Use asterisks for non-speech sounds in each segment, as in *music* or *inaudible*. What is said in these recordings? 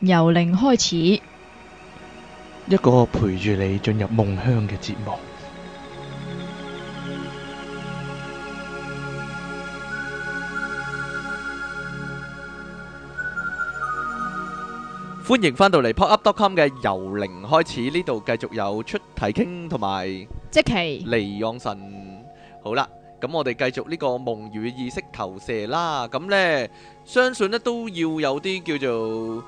由零開始，一個陪住你進入夢鄉嘅節目，歡迎翻到嚟。PodUp.com 嘅由零開始呢度，繼續有出題傾同埋即期黎旺臣。好啦，咁我哋繼續呢個夢與意識投射啦。咁咧，相信咧都要有啲叫做。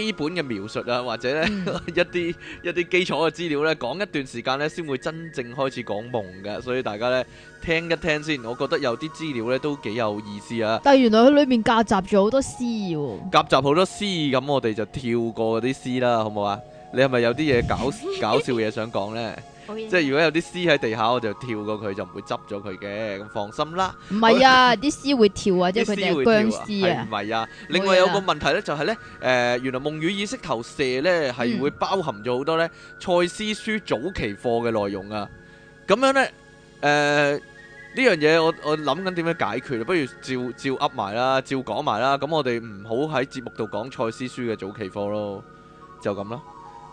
基本嘅描述啊，或者呢、嗯、 *laughs* 一啲一啲基礎嘅資料呢，講一段時間呢先會真正開始講夢嘅，所以大家呢，聽一聽先。我覺得有啲資料呢都幾有意思啊。但係原來佢裏面夾雜咗好多詩，夾雜好多詩，咁我哋就跳過嗰啲詩啦，好唔好啊？你係咪有啲嘢搞 *laughs* 搞笑嘢想講呢？即係如果有啲屍喺地下，我就跳過佢就唔會執咗佢嘅，咁放心啦。唔係啊，啲屍 *laughs* 會跳啊，即係佢係僵屍啊，唔係啊。是是啊 *laughs* 另外有個問題呢，就係、是、呢，誒、呃，原來夢與意識投射呢係會包含咗好多呢，賽斯書早期課嘅內容啊。咁、嗯、樣呢，誒、呃、呢樣嘢我我諗緊點樣解決，不如照照噏埋啦，照講埋啦。咁我哋唔好喺節目度講賽斯書嘅早期課咯，就咁啦。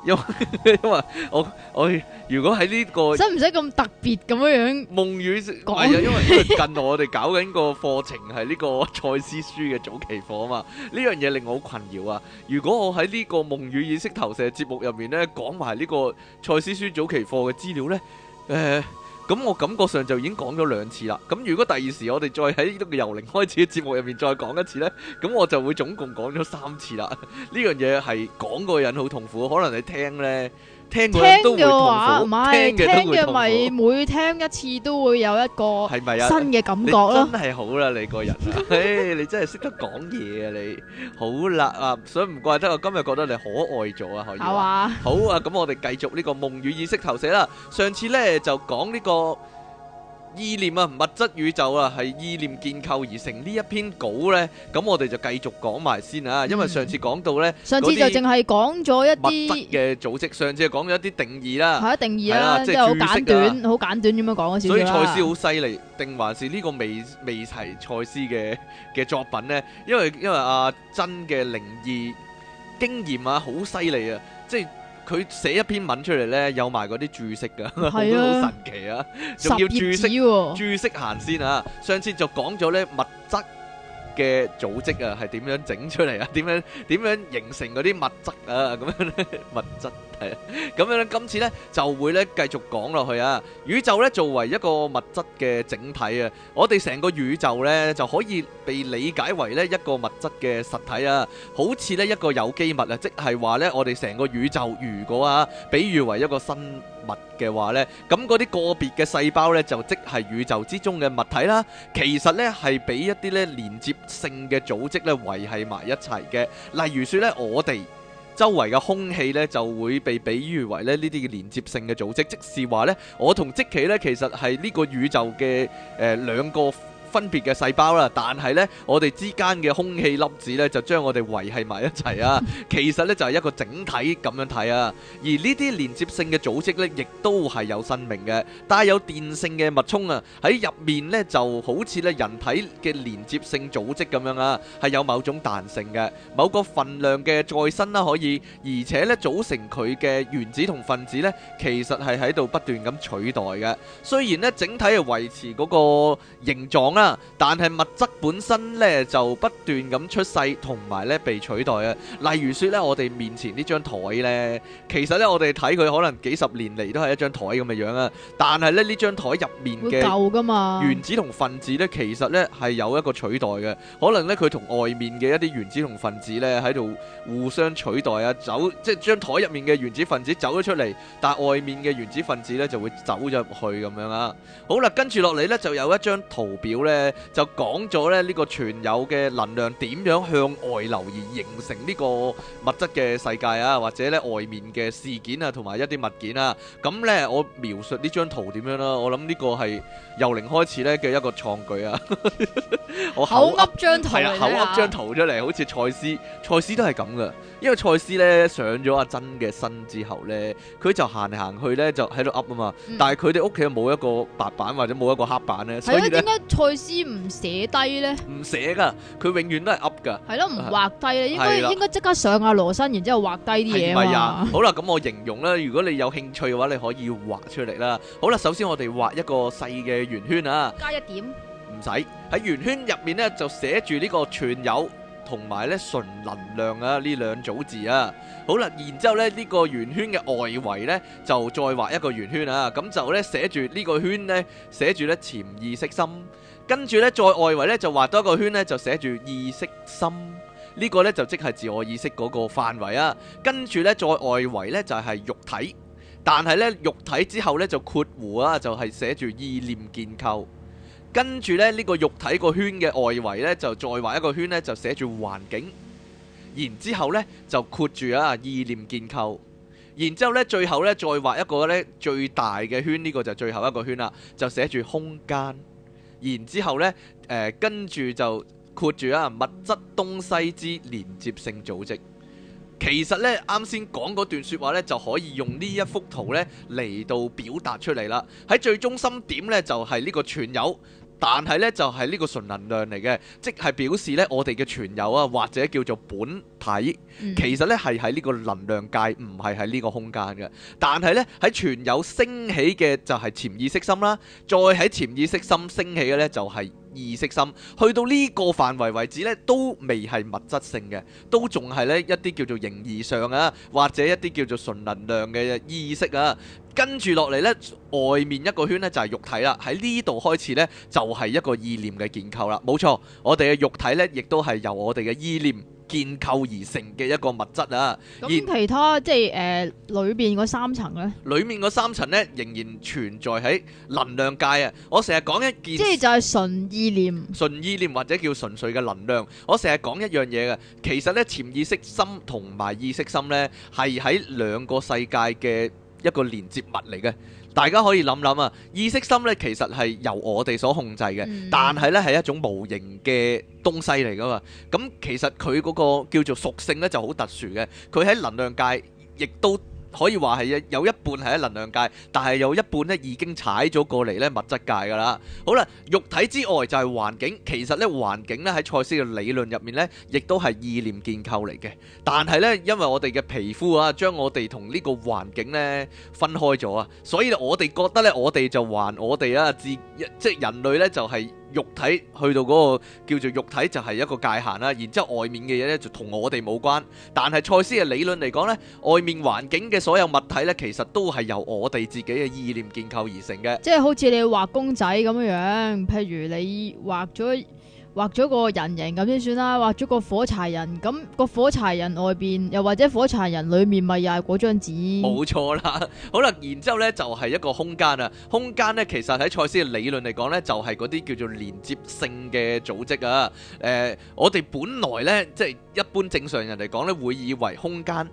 因 *laughs* 因為我我，如果喺呢個使唔使咁特別咁樣樣？夢語係啊，因為因為近來我哋搞緊個課程係呢個賽斯書嘅早期課啊嘛，呢樣嘢令我好困擾啊！如果我喺呢個夢與意識投射節目入面咧，講埋呢個賽斯書早期課嘅資料咧，誒、呃。咁我感覺上就已經講咗兩次啦。咁如果第二時我哋再喺呢個由零開始嘅節目入面再講一次呢，咁我就會總共講咗三次啦。呢樣嘢係講個人好痛苦，可能你聽呢。聽嘅話，是聽嘅咪每聽一次都會有一個係咪啊新嘅感覺咯。是是啊、真係好啦、啊，你個人啊， *laughs* 哎、你真係識得講嘢啊！你好啦啊，所以唔怪得我今日覺得你可愛咗啊！可以啊， *laughs* 好啊，咁我哋繼續呢個夢與意識投射啦。上次咧就講呢、這個。意念啊，物質宇宙啊，係意念建構而成呢一篇稿咧，咁我哋就繼續講埋先啊，因為上次講到咧，嗯、那些 上次就淨係講咗一啲嘅組織，上次係講咗一啲定義啦、啊，係啊，定義啊，啊即係好、啊、簡短，好、啊、簡短咁樣講啊，所以賽斯好犀利，定、啊、還是呢個未未齊賽斯嘅嘅作品咧，因為因為阿、啊、珍嘅靈異經驗啊，好犀利啊，即係。佢寫一篇文出嚟咧，有埋嗰啲注釋噶，我都好神奇啊！仲 *laughs* 叫注釋、注釋行先啊！上次就講咗咧物質嘅組織啊，係點樣整出嚟啊？點樣點樣形成嗰啲物質啊？咁樣物質。咁樣咧， *laughs* 今次呢，就會咧繼續講落去啊！宇宙咧作為一個物質嘅整體啊，我哋成個宇宙呢，就可以被理解為咧一個物質嘅實體啊，好似咧一個有機物啊，即係話呢，我哋成個宇宙如果啊，比喻為一個生物嘅話呢，咁嗰啲個別嘅細胞呢，就即係宇宙之中嘅物體啦。其實呢，係俾一啲咧連接性嘅組織呢，維繫埋一齊嘅，例如說呢，我哋。周圍嘅空氣咧，就會被比喻為咧，呢啲嘅連接性嘅組織，即是話咧我同積奇咧，其實係呢個宇宙嘅誒兩個分別嘅細胞啦，但係咧，我哋之間嘅空氣粒子咧，就將我哋維係埋一齊啊。其實咧，就係一個整體咁樣睇啊。而呢啲連接性嘅組織咧，亦都係有生命嘅，帶有電性嘅脈衝啊。喺入面咧，就好似咧人體嘅連接性組織咁樣啊，係有某種彈性嘅，某個份量嘅再生啦可以，而且咧，組成佢嘅原子同分子咧，其實係喺度不斷咁取代嘅。雖然咧，整體係維持嗰個形狀啦。但係物質本身呢，就不斷咁出世同埋呢被取代啊。例如說呢，我哋面前呢張台呢，其實呢，我哋睇佢可能幾十年嚟都係一張台咁嘅樣啊。但係呢，呢張台入面嘅原子同分子呢，其實呢係有一個取代嘅。可能呢，佢同外面嘅一啲原子同分子呢喺度互相取代啊，走，即係將台入面嘅原子分子走咗出嚟，但外面嘅原子分子呢就會走咗入去咁樣啊。好啦，跟住落嚟呢，就有一張圖表呢。誒，就講咗咧呢、這個存有嘅能量點樣向外流而形成呢個物質嘅世界啊，或者咧外面嘅事件啊，同埋一啲物件啊。咁咧我描述呢張圖點樣啦？我諗呢個係由零開始咧嘅一個創舉啊！我，啊 *laughs* 我口噏張圖口噏張圖出嚟，好似賽斯，賽斯都係咁噶。因為賽斯咧上咗阿珍嘅身之後咧，佢就行嚟行去咧就喺度噏啊嘛。嗯、但係佢哋屋企冇一個白板或者冇一個黑板咧，所以點解賽？先唔寫低咧，唔寫噶，佢永遠都係噏噶。係咯，唔畫低咧，應該應該即刻上啊羅生，然之後畫低啲嘢嘛。係啊。好啦，咁我形容啦，如果你有興趣嘅話，你可以畫出嚟啦。好啦，首先我哋畫一個細嘅圓圈啊，加一點，唔使喺圓圈入面咧就寫住呢個全友同埋咧純能量啊呢兩組字啊。好啦，然之後咧呢個圓圈嘅外圍咧就再畫一個圓圈啊，咁就咧寫住呢個圈咧寫住咧潛意識心。跟住咧，再外圍咧就畫多一個圈咧，就寫住意識心，這個、呢個咧就即係自我意識嗰個範圍啊。跟住咧，再外圍咧就係、是、肉體，但係咧肉體之後咧就括弧啊，就係、是、寫住意念建構。跟住咧呢、這個肉體個圈嘅外圍咧就再畫一個圈咧，就寫住環境。然之後咧就括住啊意念建構。然之後咧最後咧再畫一個咧最大嘅圈，呢、這個就最後一個圈啦，就寫住空間。然之後呢，誒、呃、跟住就括住啊物質東西之連接性組織。其實呢，啱先講嗰段説話呢，就可以用呢一幅圖呢嚟到表達出嚟啦。喺最中心點呢，就係、是、呢個存有。但係呢，就係呢個純能量嚟嘅，即係表示呢，我哋嘅存有啊，或者叫做本體，其實呢，係喺呢個能量界，唔係喺呢個空間嘅。但係呢，喺存有升起嘅就係潛意識心啦，再喺潛意識心升起嘅呢，就係意識心，去到呢個範圍為止呢，都未係物質性嘅，都仲係呢一啲叫做形而上啊，或者一啲叫做純能量嘅意識啊。跟住落嚟呢，外面一個圈呢，就係肉體啦。喺呢度開始呢，就係一個意念嘅建構啦。冇錯，我哋嘅肉體呢，亦都係由我哋嘅意念建構而成嘅一個物質啊。咁其他即係誒裏邊嗰三層呢，裏面嗰三層呢，仍然存在喺能量界啊。我成日講一件，即係就係純意念，純意念或者叫純粹嘅能量。我成日講一樣嘢嘅，其實呢，潛意識心同埋意識心呢，係喺兩個世界嘅。一個連接物嚟嘅，大家可以諗諗啊！意識心咧，其實係由我哋所控制嘅，嗯、但係咧係一種無形嘅東西嚟噶嘛。咁其實佢嗰個叫做屬性咧，就好特殊嘅，佢喺能量界亦都。可以話係有一半係喺能量界，但係有一半咧已經踩咗過嚟咧物質界噶啦。好啦，肉體之外就係環境，其實咧環境咧喺賽斯嘅理論入面咧，亦都係意念建構嚟嘅。但係咧，因為我哋嘅皮膚啊，將我哋同呢個環境咧分開咗啊，所以我哋覺得咧，我哋就還我哋啊，自即係人類咧就係、是。肉體去到嗰個叫做肉體就係一個界限啦，然之後外面嘅嘢呢就同我哋冇關。但係賽斯嘅理論嚟講呢，外面環境嘅所有物體呢，其實都係由我哋自己嘅意念建構而成嘅。即係好似你畫公仔咁樣，譬如你畫咗。畫咗個人形咁先算啦，畫咗個火柴人，咁、那個火柴人外邊又或者火柴人裏面咪又係嗰張紙，冇錯啦。好啦，然之後咧就係、是、一個空間啊，空間呢，其實喺賽斯嘅理論嚟講呢，就係嗰啲叫做連接性嘅組織啊。誒、呃，我哋本來呢，即、就、係、是、一般正常人嚟講呢，會以為空間。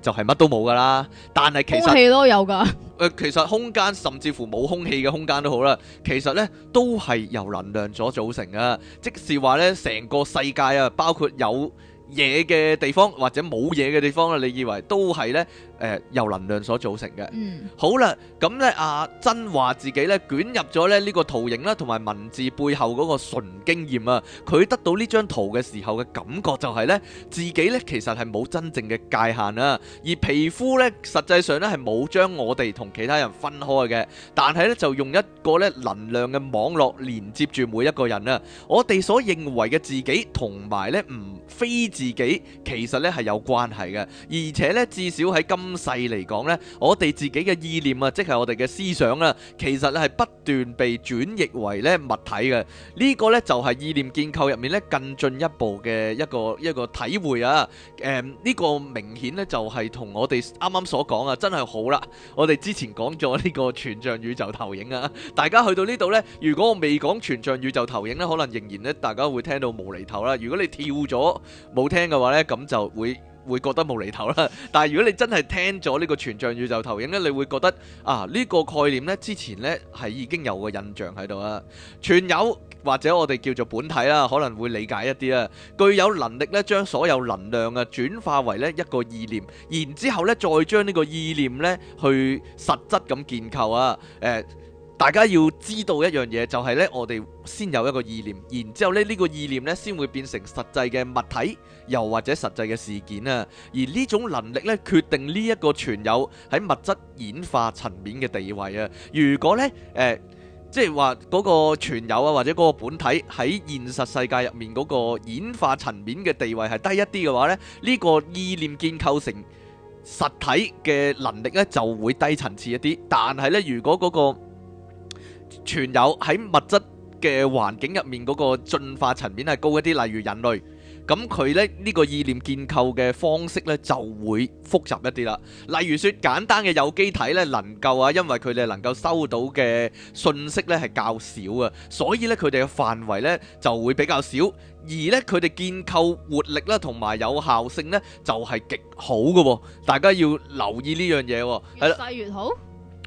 就係乜都冇噶啦，但係其實空氣都有噶。誒，其實空間甚至乎冇空氣嘅空間都好啦，其實咧都係由能量所組成啊！即係話咧，成個世界啊，包括有嘢嘅地方或者冇嘢嘅地方啦，你以為都係咧？誒、呃、由能量所造成嘅，嗯，好啦，咁咧阿真話自己咧捲入咗咧呢個圖形啦，同埋文字背後嗰個純經驗啊，佢得到呢張圖嘅時候嘅感覺就係呢自己呢其實係冇真正嘅界限啊，而皮膚呢實際上呢係冇將我哋同其他人分開嘅，但係呢就用一個呢能量嘅網絡連接住每一個人啊，我哋所認為嘅自己同埋呢唔非自己其實呢係有關係嘅，而且呢至少喺今今世嚟講咧，我哋自己嘅意念啊，即係我哋嘅思想啦，其實咧係不斷被轉譯為咧物體嘅。呢個咧就係意念建構入面咧更進一步嘅一個一個體會啊。誒，呢個明顯咧就係同我哋啱啱所講啊，真係好啦。我哋之前講咗呢個全像宇宙投影啊，大家去到呢度咧，如果我未講全像宇宙投影咧，可能仍然咧大家會聽到無厘頭啦。如果你跳咗冇聽嘅話咧，咁就會，會覺得無釐頭啦，但係如果你真係聽咗呢個全像宇宙投影咧，你會覺得啊，呢、呢個概念咧之前咧係已經有個印象喺度啊，全有或者我哋叫做本體啦，可能會理解一啲啊，具有能力咧將所有能量啊轉化為咧一個意念，然之後咧再將呢個意念咧去實質咁建構啊，誒、呃。大家要知道一樣嘢，就係呢，我哋先有一個意念，然之後呢，呢個意念呢，先會變成實際嘅物體，又或者實際嘅事件啊。而呢種能力呢，決定呢一個存有喺物質演化層面嘅地位啊。如果呢，誒、呃，即係話嗰個存有啊，或者嗰個本體喺現實世界入面嗰個演化層面嘅地位係低一啲嘅話咧，呢、這個意念建構成實體嘅能力呢，就會低層次一啲。但係呢，如果嗰、那個存有喺物質嘅環境入面嗰個進化層面係高一啲，例如人類，咁佢呢，呢個意念建構嘅方式呢，就會複雜一啲啦。例如說，簡單嘅有機體呢，能夠啊，因為佢哋能夠收到嘅信息呢係較少啊，所以呢，佢哋嘅範圍呢，就會比較少，而呢，佢哋建構活力啦同埋有效性呢，就係極好嘅，大家要留意呢樣嘢。越細越好。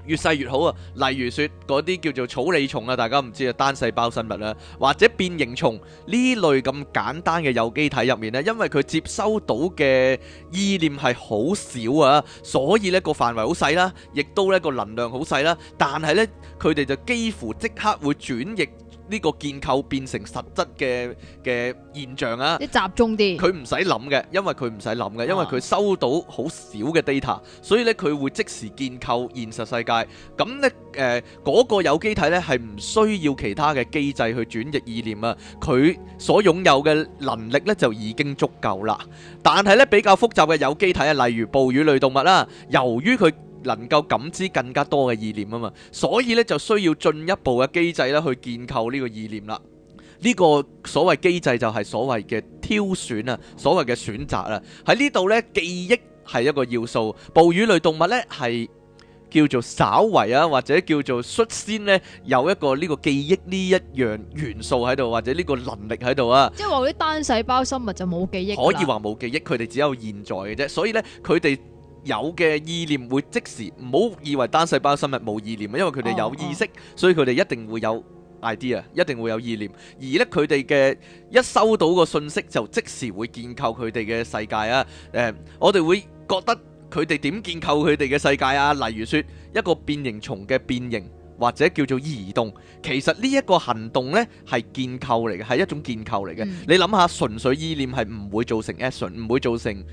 越細越好啊！例如說，嗰啲叫做草履蟲啊，大家唔知啊，單細胞生物啦，或者變形蟲呢類咁簡單嘅有機體入面咧，因為佢接收到嘅意念係好少啊，所以呢個範圍好細啦，亦都呢個能量好細啦，但係呢，佢哋就幾乎即刻會轉譯。呢個建構變成實質嘅嘅現象啊！一集中啲，佢唔使諗嘅，因為佢唔使諗嘅，因為佢收到好少嘅 data，所以咧佢會即時建構現實世界。咁呢，誒、呃，嗰個有機體咧係唔需要其他嘅機制去轉譯意念啊，佢所擁有嘅能力咧就已經足夠啦。但係咧比較複雜嘅有機體啊，例如哺乳類動物啦，由於佢能夠感知更加多嘅意念啊嘛，所以咧就需要進一步嘅機制咧去建構呢個意念啦。呢個所謂機制就係所謂嘅挑選啊，所謂嘅選擇啊。喺呢度呢，記憶係一個要素。哺乳類動物呢係叫做稍為啊，或者叫做率先呢，有一個呢個記憶呢一樣元素喺度，或者呢個能力喺度啊。即係話啲單細胞生物就冇記憶，可以話冇記憶，佢哋只有現在嘅啫。所以呢，佢哋。有嘅意念會即時，唔好以為單細胞生物冇意念啊，因為佢哋有意識，所以佢哋一定會有 idea 啊，一定會有意念。而呢佢哋嘅一收到個信息就即時會建構佢哋嘅世界啊。誒，我哋會覺得佢哋點建構佢哋嘅世界啊？例如說一個變形蟲嘅變形或者叫做移動，其實呢一個行動呢係建構嚟嘅，係一種建構嚟嘅。你諗下，純粹意念係唔會造成 action，唔會造成。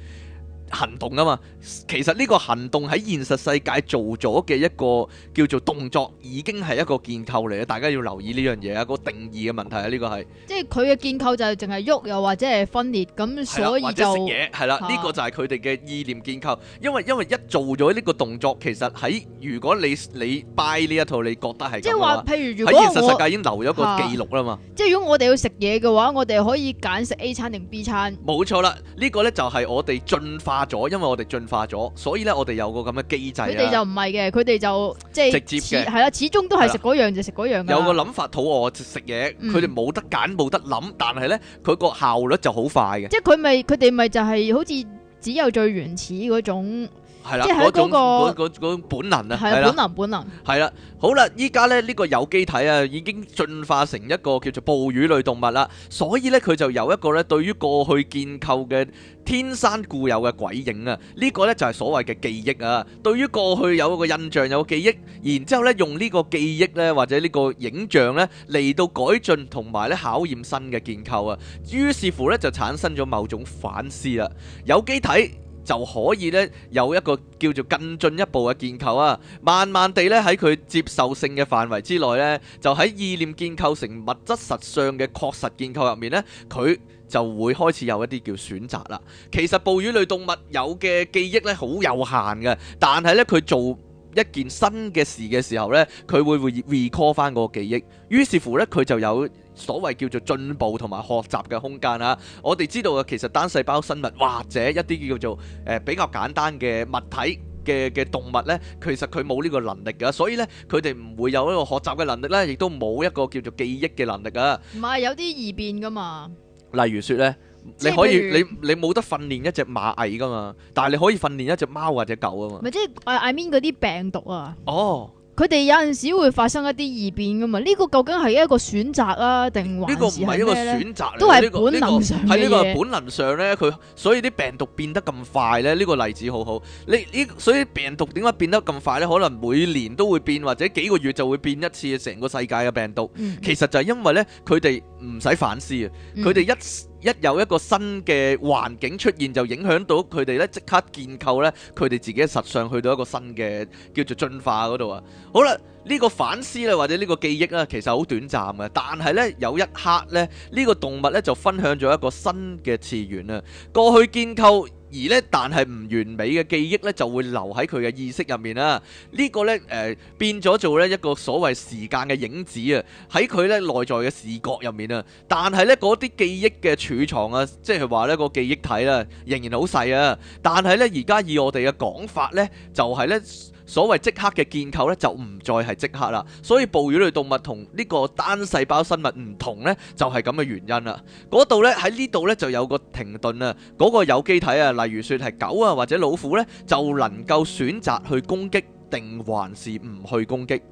行動啊嘛，其實呢個行動喺現實世界做咗嘅一個叫做動作，已經係一個建構嚟嘅，大家要留意呢樣嘢啊，個定義嘅問題啊，呢個係即係佢嘅建構就係淨係喐又或者係分裂咁，所以就係啦，呢、啊、個就係佢哋嘅意念建構，因為因為一做咗呢個動作，其實喺如果你你 buy 呢一套，你覺得係即係話，譬如如果喺現實世界已經留咗一個記錄啦嘛，啊、即係如果我哋要食嘢嘅話，我哋可以揀食 A 餐定 B 餐，冇錯啦，呢、這個咧就係我哋進化。化咗，因為我哋進化咗，所以咧我哋有個咁嘅機制啊。佢哋就唔係嘅，佢哋就即係直接嘅，係啦，始終都係食嗰樣就食嗰樣。有個諗法，肚餓食嘢，佢哋冇得揀冇得諗，但係咧佢個效率就好快嘅。即係佢咪佢哋咪就係好似只有最原始嗰種。即係嗰種嗰嗰嗰種本能啊，係啦了本能本能。係啦，好啦，依家咧呢個有機體啊已經進化成一個叫做哺乳類動物啦，所以咧佢就有一個咧對於過去建構嘅天生固有嘅鬼影啊，呢個咧就係所謂嘅記憶啊。對於過去有一個印象，有個記憶，然之後咧用呢個記憶咧或者呢個影像咧嚟到改進同埋咧考驗新嘅建構啊，於是乎咧就產生咗某種反思啦。有機體。就可以咧有一個叫做更進一步嘅建構啊，慢慢地咧喺佢接受性嘅範圍之內咧，就喺意念建構成物質實相嘅確實建構入面咧，佢就會開始有一啲叫選擇啦。其實哺乳類動物有嘅記憶咧好有限嘅，但係咧佢做一件新嘅事嘅時候咧，佢會會 recall 翻個記憶，於是乎咧佢就有所謂叫做進步同埋學習嘅空間啊！我哋知道嘅其實單細胞生物或者一啲叫做誒、呃、比較簡單嘅物體嘅嘅動物咧，其實佢冇呢個能力㗎，所以咧佢哋唔會有一個學習嘅能力咧，亦都冇一個叫做記憶嘅能力啊！唔係有啲異變噶嘛？例如説咧，說你可以如你你冇得訓練一隻螞蟻噶嘛，但係你可以訓練一隻貓或者狗啊嘛！咪即係 I I mean 嗰啲病毒啊？哦。佢哋有陣時會發生一啲異變噶嘛？呢、這個究竟係一個選擇啊，定呢個唔係一個選擇、這個、是咩咧？都係本能上嘅嘢。喺呢個本能上呢，佢所以啲病毒變得咁快呢。呢、這個例子好好。你呢所以病毒點解變得咁快呢？可能每年都會變，或者幾個月就會變一次成個世界嘅病毒。嗯、其實就係因為呢，佢哋唔使反思啊，佢哋一。嗯一有一個新嘅環境出現，就影響到佢哋咧，即刻建構咧佢哋自己嘅實相，去到一個新嘅叫做進化嗰度啊！好啦，呢個反思啊，或者呢個記憶啊，其實好短暫啊。但係咧有一刻咧，呢個動物咧就分享咗一個新嘅次元啊！過去建構。而咧，但係唔完美嘅記憶咧，就會留喺佢嘅意識入面啦、啊。這個、呢個咧，誒、呃、變咗做咧一個所謂時間嘅影子啊，喺佢咧內在嘅視覺入面啊。但係咧，嗰啲記憶嘅儲藏啊，即係話咧個記憶體啊，仍然好細啊。但係咧，而家以我哋嘅講法咧，就係、是、咧。所謂即刻嘅建構咧，就唔再係即刻啦。所以哺乳類動物同呢個單細胞生物唔同咧，就係咁嘅原因啦。嗰度咧，喺呢度咧就有個停頓啊。嗰個有機體啊，例如説係狗啊或者老虎咧，就能夠選擇去攻擊定還是唔去攻擊。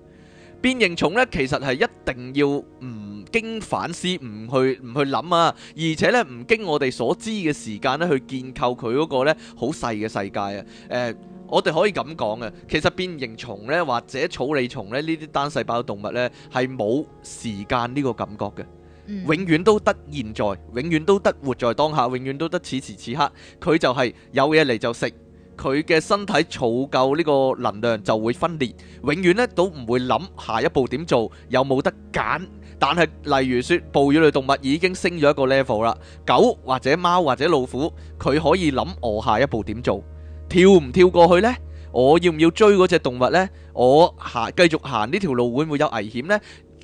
變形蟲咧，其實係一定要唔經反思，唔去唔去諗啊，而且咧唔經我哋所知嘅時間咧去建構佢嗰個咧好細嘅世界啊。誒。我哋可以咁講嘅，其實變形蟲呢，或者草履蟲呢，呢啲單細胞動物呢，係冇時間呢個感覺嘅，嗯、永遠都得現在，永遠都得活在當下，永遠都得此時此，此刻。佢就係有嘢嚟就食，佢嘅身體儲夠呢個能量就會分裂。永遠呢，都唔會諗下一步點做，有冇得揀。但係例如説哺乳類動物已經升咗一個 level 啦，狗或者貓或者老虎，佢可以諗我下一步點做。跳唔跳過去呢？我要唔要追嗰隻動物呢？我行繼續行呢條路會唔會有危險呢？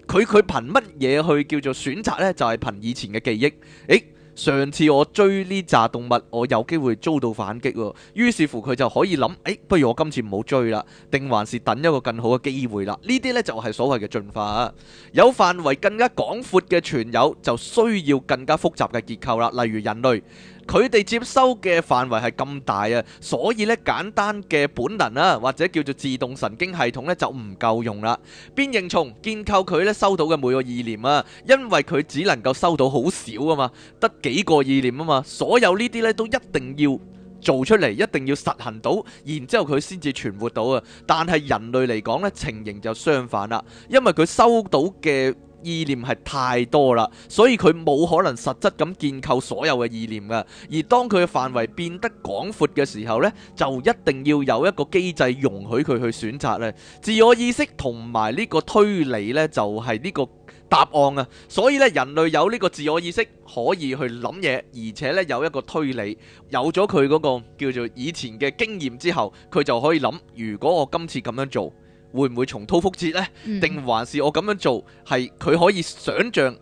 佢佢，憑乜嘢去叫做選擇呢？就係憑以前嘅記憶。誒，上次我追呢扎動物，我有機會遭到反擊喎，於是乎佢就可以諗：誒，不如我今次唔好追啦，定還是等一個更好嘅機會啦？呢啲呢就係所謂嘅進化啊！有範圍更加廣闊嘅存有，就需要更加複雜嘅結構啦，例如人類。佢哋接收嘅範圍係咁大啊，所以呢簡單嘅本能啊，或者叫做自動神經系統呢就唔夠用啦。變形蟲建構佢呢收到嘅每個意念啊，因為佢只能夠收到好少啊嘛，得幾個意念啊嘛。所有呢啲呢都一定要做出嚟，一定要實行到，然之後佢先至存活到啊。但係人類嚟講呢，情形就相反啦，因為佢收到嘅意念係太多啦，所以佢冇可能實質咁建構所有嘅意念噶。而當佢嘅範圍變得廣闊嘅時候呢，就一定要有一個機制，容許佢去選擇咧。自我意識同埋呢個推理呢，就係呢個答案啊。所以咧，人類有呢個自我意識可以去諗嘢，而且呢有一個推理，有咗佢嗰個叫做以前嘅經驗之後，佢就可以諗：如果我今次咁樣做，會唔會重蹈覆轍呢？定還是我咁樣做係佢可以想象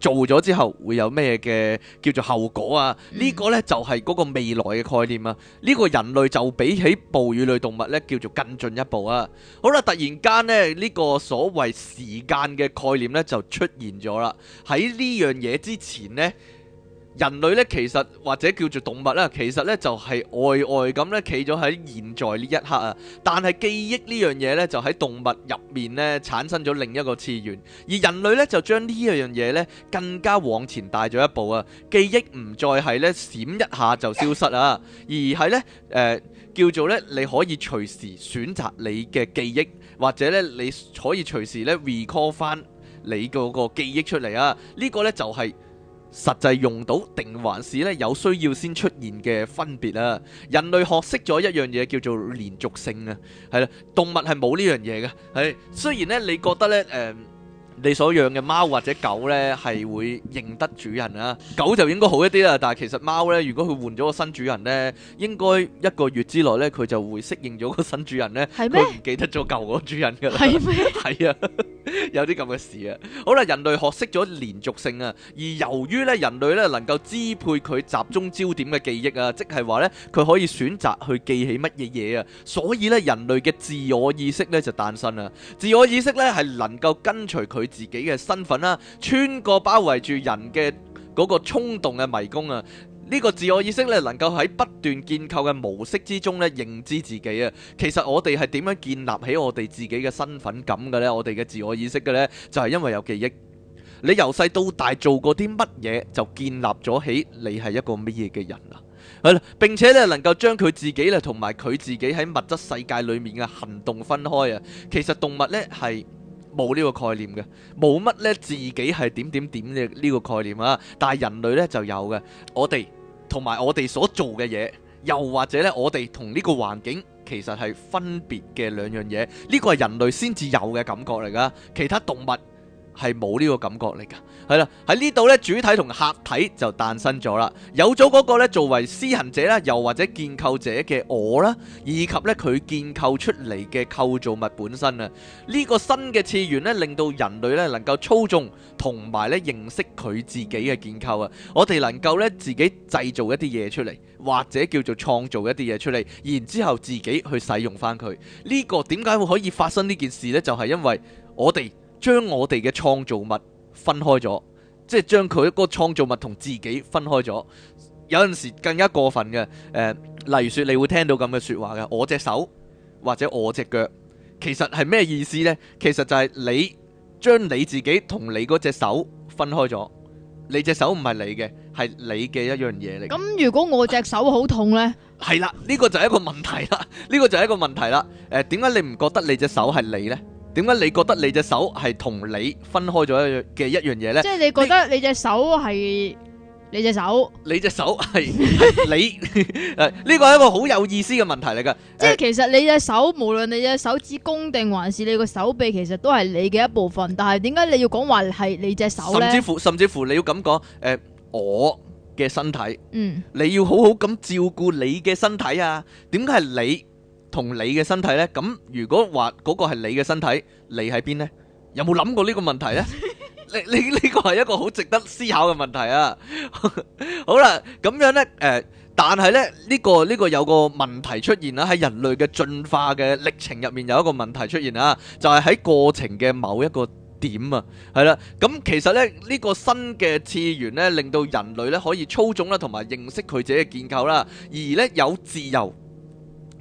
做咗之後會有咩嘅叫做後果啊？呢、這個呢，就係、是、嗰個未來嘅概念啊！呢、這個人類就比起哺乳類動物呢，叫做更進一步啊！好啦，突然間呢，呢、這個所謂時間嘅概念呢，就出現咗啦！喺呢樣嘢之前呢。人類咧其實或者叫做動物咧，其實咧就係外外咁咧企咗喺現在呢一刻啊。但係記憶呢樣嘢咧，就喺動物入面咧產生咗另一個次元，而人類咧就將呢一樣嘢咧更加往前帶咗一步啊。記憶唔再係咧閃一下就消失啊，而係咧誒叫做咧你可以隨時選擇你嘅記憶，或者咧你可以隨時咧 recall 翻你嗰個記憶出嚟啊。呢個咧就係。實際用到定還是咧有需要先出現嘅分別啊！人類學識咗一樣嘢叫做連續性啊，係啦，動物係冇呢樣嘢嘅，係，雖然咧你覺得咧誒。呃你所養嘅貓或者狗呢，係會認得主人啊。狗就應該好一啲啦，但係其實貓呢，如果佢換咗個新主人呢，應該一個月之內呢，佢就會適應咗個新主人呢，佢唔記得咗舊個主人噶啦。係咩？係啊，有啲咁嘅事啊。好啦，人類學識咗連續性啊，而由於呢人類呢能夠支配佢集中焦點嘅記憶啊，即係話呢佢可以選擇去記起乜嘢嘢啊，所以呢人類嘅自我意識呢就誕生啦。自我意識呢係能夠跟隨佢。自己嘅身份啦，穿過包圍住人嘅嗰個衝動嘅迷宮啊，呢個自我意識咧，能夠喺不斷建構嘅模式之中咧，認知自己啊。其實我哋係點樣建立起我哋自己嘅身份感嘅咧？我哋嘅自我意識嘅咧，就係因為有記憶。你由細到大做過啲乜嘢，就建立咗起你係一個乜嘢嘅人啊。係啦，並且咧能夠將佢自己咧同埋佢自己喺物質世界裏面嘅行動分開啊。其實動物咧係。冇呢個概念嘅，冇乜呢自己係點點點嘅呢個概念啊！但係人類呢就有嘅，我哋同埋我哋所做嘅嘢，又或者呢我哋同呢個環境其實係分別嘅兩樣嘢，呢個係人類先至有嘅感覺嚟噶，其他動物，係冇呢個感覺嚟噶，係啦，喺呢度呢，主體同客體就誕生咗啦，有咗嗰個呢作為施行者啦，又或者建構者嘅我啦，以及呢佢建構出嚟嘅構造物本身啊，呢個新嘅次元呢，令到人類呢能夠操縱同埋呢認識佢自己嘅建構啊，我哋能夠呢自己製造一啲嘢出嚟，或者叫做創造一啲嘢出嚟，然之後自己去使用翻佢。呢個點解會可以發生呢件事呢？就係因為我哋。將我哋嘅創造物分開咗，即係將佢一個創造物同自己分開咗。有陣時更加過分嘅，誒、呃，例如說你會聽到咁嘅說話嘅，我隻手或者我隻腳，其實係咩意思呢？其實就係你將你自己同你嗰隻手分開咗，你隻手唔係你嘅，係你嘅一樣嘢嚟。咁如果我隻手好痛呢？係啦、啊、呢、這個就係一個問題啦，呢、這個就係一個問題啦。誒、呃，點解你唔覺得你隻手係你呢？點解你覺得你隻手係同你分開咗一嘅一樣嘢咧？即係你覺得你隻手係你隻手，你隻手係你誒？呢個係一個好有意思嘅問題嚟噶。即係其實你隻手，無論你隻手指公定還是你個手臂，其實都係你嘅一部分。但係點解你要講話係你隻手咧？甚至乎甚至乎，你要咁講誒？我嘅身體，嗯，你要好好咁照顧你嘅身體啊？點解係你？同你嘅身體咧，咁如果話嗰個係你嘅身體，你喺邊咧？有冇諗過呢個問題咧？你你呢個係一個好值得思考嘅問題啊！好啦，咁樣咧，誒，但係咧，呢個呢個有個問題出現啦，喺人類嘅進化嘅歷程入面有一個問題出現啊，就係喺過程嘅某一個點啊，係啦，咁其實咧，呢個新嘅次元咧，令到人類咧可以操縱啦，同埋認識佢自己嘅建構啦，而咧有自由。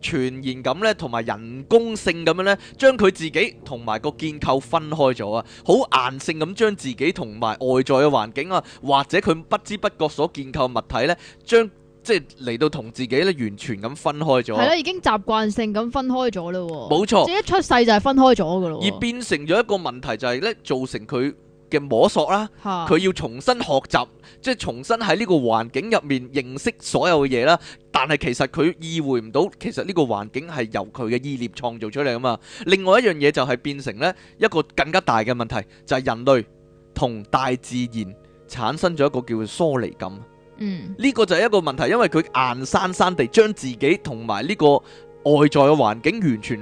全然咁咧，同埋人工性咁樣咧，將佢自己同埋個建構分開咗啊！好硬性咁將自己同埋外在嘅環境啊，或者佢不知不覺所建構物體咧，將即係嚟到同自己咧完全咁分開咗。係啦，啊，已經習慣性咁分開咗啦。冇錯，即一出世就係分開咗嘅咯。而變成咗一個問題就係咧，造成佢。嘅摸索啦，佢要重新學習，即係重新喺呢個環境入面認識所有嘅嘢啦。但係其實佢意會唔到，其實呢個環境係由佢嘅意念創造出嚟啊嘛。另外一樣嘢就係變成咧一個更加大嘅問題，就係人類同大自然產生咗一個叫做疏離感。嗯，呢個就係一個問題，因為佢硬生生地將自己同埋呢個外在嘅環境完全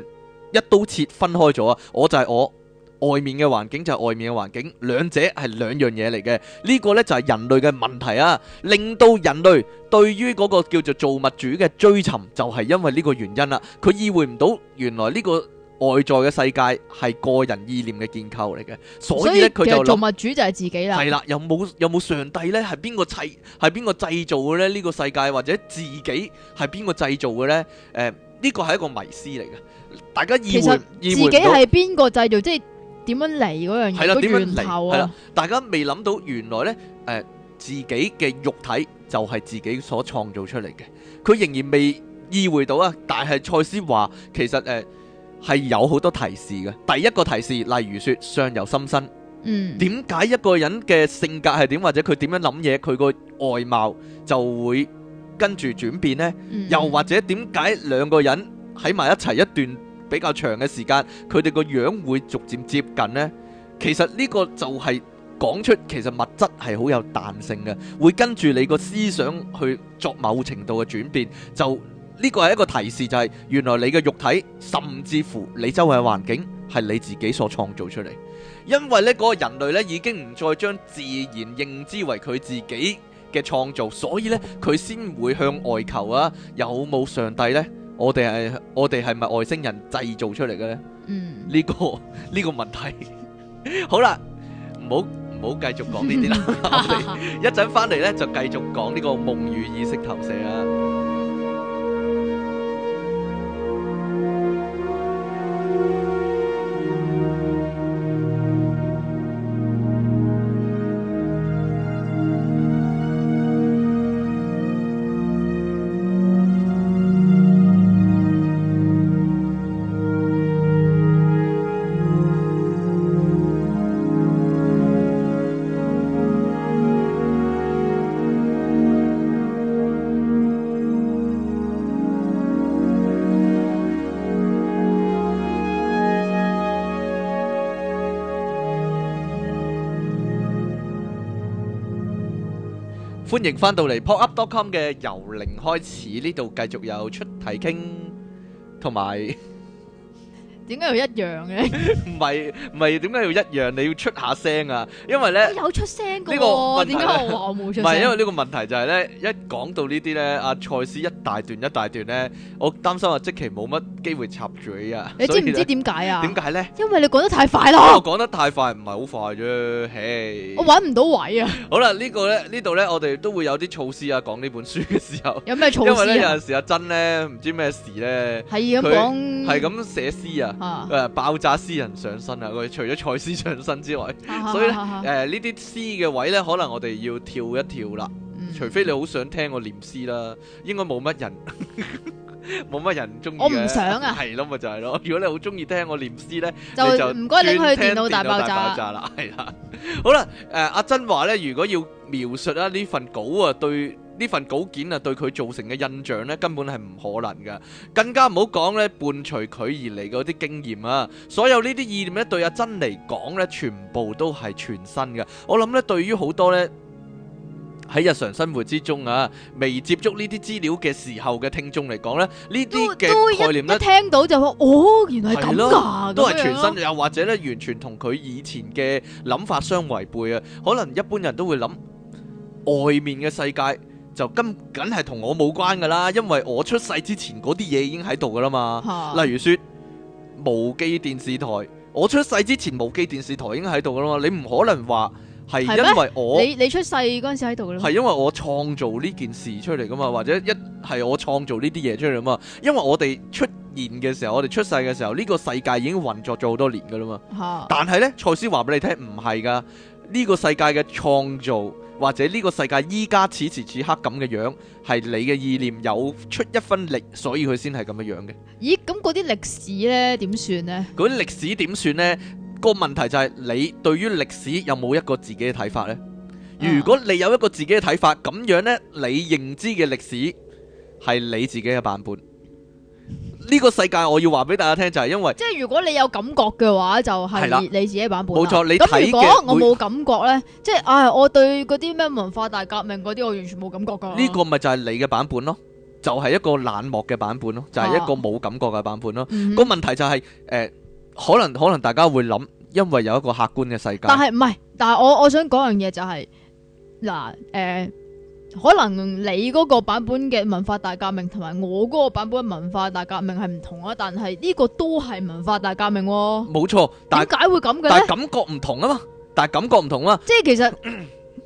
一刀切分開咗啊！我就係我。外面嘅環境就係外面嘅環境，兩者係兩樣嘢嚟嘅。呢個咧就係人類嘅問題啊，令到人類對於嗰個叫做造物主嘅追尋，就係因為呢個原因啦。佢意會唔到原來呢個外在嘅世界係個人意念嘅建構嚟嘅，所以咧佢就諗。其實造物主就係自己啦。係啦，有冇有冇上帝咧？係邊個砌？係邊個製造嘅咧？呢個世界或者自己係邊個製造嘅咧？誒，呢個係一個迷思嚟嘅，大家意會，自己係邊個製造？即係？點樣嚟樣嘢？點樣嚟？係啦，大家未諗到原來咧，誒、呃，自己嘅肉體就係自己所創造出嚟嘅。佢仍然未意會到啊！但係賽斯話，其實誒係、呃、有好多提示嘅。第一個提示，例如說，相由心生，嗯，點解一個人嘅性格係點，或者佢點樣諗嘢，佢個外貌就會跟住轉變呢？嗯嗯，又或者點解兩個人喺埋一齊一段？比較長嘅時間，佢哋個樣會逐漸接近呢。其實呢個就係講出，其實，其實物質係好有彈性嘅，會跟住你個思想去作某程度嘅轉變。就呢個係一個提示，就係原來你嘅肉體，甚至乎你周圍嘅環境，係你自己所創造出嚟。因為呢嗰、那個人類呢已經唔再將自然認知為佢自己嘅創造，所以呢，佢先會向外求啊。有冇上帝呢？」我哋係我哋係咪外星人製造出嚟嘅咧？呢、嗯呢個呢 *laughs* 個問題 *laughs* 好，好啦，唔好唔好繼續講呢啲啦，一陣翻嚟咧就繼續講呢、呢個夢與意識投射啦！歡迎翻到嚟 popup.com 嘅由零開始呢度，繼續有出體傾同埋。 *laughs* 點解要一樣嘅？唔係，唔係點解要一樣？你要出下聲啊！因為咧有出聲噶，呢個點解我話我冇出聲？唔係因為呢個問題就係咧，一講到呢啲咧，阿賽斯一大段一大段咧，我擔心啊，即期冇乜機會插嘴啊！你知唔知點解啊？點解咧？因為你講得太快啦！我講得太快唔係好快啫，嘿！我揾唔到位啊！好啦，呢個咧呢度咧，我哋都會有啲措施啊，講呢本書嘅時候有咩措施？因為咧有陣時阿珍咧唔知咩事咧，係咁講，係咁寫詩啊！Uh, 爆炸詩人上身啊！佢除咗蔡詩上身之外， *music* 所以咧誒呢啲詩嘅位咧，可能我哋要跳一跳啦。Um. 除非你好想聽我念詩啦，應該冇乜人冇乜 *laughs* 人唔中意。我唔想啊，係咯，咪就係、是、咯。如果你好中意聽我念詩咧，就唔該你，就你去電腦大爆炸大爆炸啦。係啦， *laughs* 好啦，誒，阿珍話咧，如果要描述啦呢份稿啊，對。呢份稿件啊，對佢造成嘅印象咧，根本係唔可能嘅，更加唔好講咧伴隨佢而嚟嗰啲經驗啊，所有呢啲意念咧，對阿珍嚟講咧，全部都係全新嘅。我諗咧，對於好多咧喺日常生活之中啊，未接觸呢啲資料嘅時候嘅聽眾嚟講咧，呢啲嘅概念咧，聽到就哦，原來係咁噶，都係全新，又或者咧完全同佢以前嘅諗法相違背啊。可能一般人都會諗外面嘅世界。就根梗係同我冇關噶啦，因為我出世之前嗰啲嘢已經喺度噶啦嘛。啊、例如說無記電視台，我出世之前無記電視台已經喺度噶啦嘛。你唔可能話係因為我你，你出世嗰陣時喺度噶咯，係因為我創造呢件事出嚟噶嘛，嗯、或者一係我創造呢啲嘢出嚟噶嘛。因為我哋出現嘅時候，我哋出世嘅時候，呢、這個世界已經運作咗好多年噶啦嘛。啊、但係呢，賽斯話俾你聽唔係噶，呢、這個世界嘅創造。或者呢個世界依家此時此刻咁嘅樣，係你嘅意念有出一分力，所以佢先係咁嘅樣嘅。咦，咁嗰啲歷史呢？點算呢？嗰啲歷史點算呢？個問題就係你對於歷史有冇一個自己嘅睇法呢？如果你有一個自己嘅睇法，咁樣呢，你認知嘅歷史係你自己嘅版本。呢個世界我要話俾大家聽，就係因為即係如果你有感覺嘅話，就係你自己版本。冇錯，你睇，咁如果我冇感覺呢，即係啊，我對嗰啲咩文化大革命嗰啲，我完全冇感覺噶。呢個咪就係你嘅版本咯，就係一個冷漠嘅版本咯，就係一個冇感覺嘅版本咯。個問題就係誒，可能可能大家會諗，因為有一個客觀嘅世界。但係唔係，但係我我想講樣嘢就係嗱誒。可能你嗰個版本嘅文化大革命同埋我嗰個版本嘅文化大革命係唔同啊，但係呢個都係文化大革命喎、哦。冇錯，點解會咁嘅咧？但係感覺唔同啊嘛，但係感覺唔同啊。即係其實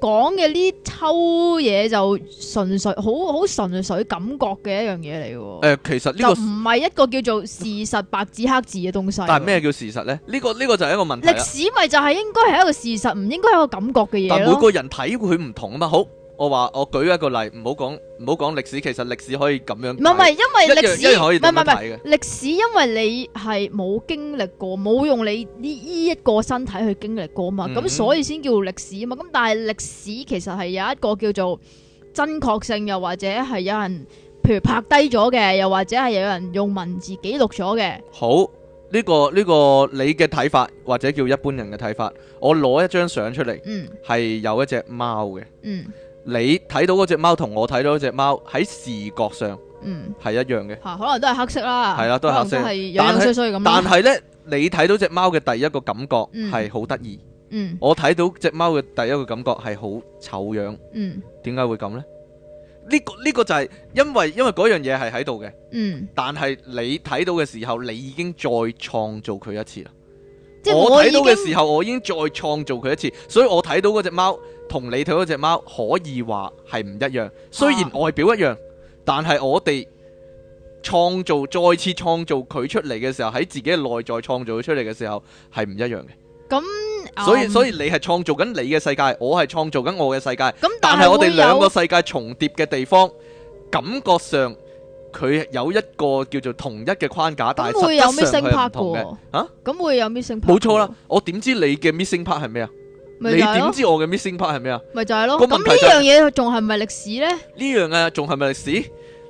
講嘅呢抽嘢，就純粹好好純粹感覺嘅一樣嘢嚟。誒、呃，其實、這個、就唔係一個叫做事實白紙黑字嘅東西。但係咩叫事實咧？呢、這個呢、這個就係一個問題、啊。歷史咪就係應該係一個事實，唔應該係一個感覺嘅嘢。但係每個人睇佢唔同啊嘛，好。我話我舉一個例，唔好講唔好講歷史。其實歷史可以咁樣，唔係唔係，因為歷史唔係唔歷史，唔唔唔唔，歷史因為你係冇經歷過，冇用你呢呢一個身體去經歷過嘛，咁、嗯、所以先叫歷史啊嘛。咁但係歷史其實係有一個叫做真確性，又或者係有人譬如拍低咗嘅，又或者係有人用文字記錄咗嘅。好呢、這個呢、這個你嘅睇法，或者叫一般人嘅睇法，我攞一張相出嚟，係、嗯、有一隻貓嘅。嗯你睇到嗰隻貓同我睇到隻貓喺視覺上，係一樣嘅，嗯，可能都係黑色啦，係啦，都係黑色，但係但係呢，你睇到隻貓嘅第一個感覺係好得意，嗯嗯，我睇到隻貓嘅第一個感覺係好醜樣，點解會咁呢？呢個呢個就係因為因為嗰樣嘢係喺度嘅，嗯、但係你睇到嘅時候，你已經再創造佢一次啦。我睇到嘅時候，我已經再創造佢一次，所以我睇到嗰隻貓同你睇到嗰隻貓可以話係唔一樣。雖然外表一樣，啊、但係我哋創造再次創造佢出嚟嘅時候，喺自己內在創造佢出嚟嘅時候係唔一樣嘅。咁、嗯、所以所以你係創造緊你嘅世界，我係創造緊我嘅世界，嗯、但係我哋兩個世界重疊嘅地方，感覺上。佢有一個叫做同一嘅框架，但係有 missing part 嘅、啊？嚇，咁會有 missing part？冇錯啦、啊，我點知你嘅 missing part 係咩啊？你點知我嘅 missing part 係咩啊？咪就係咯。我咁呢樣嘢仲係咪歷史咧？呢樣啊，仲係咪歷史？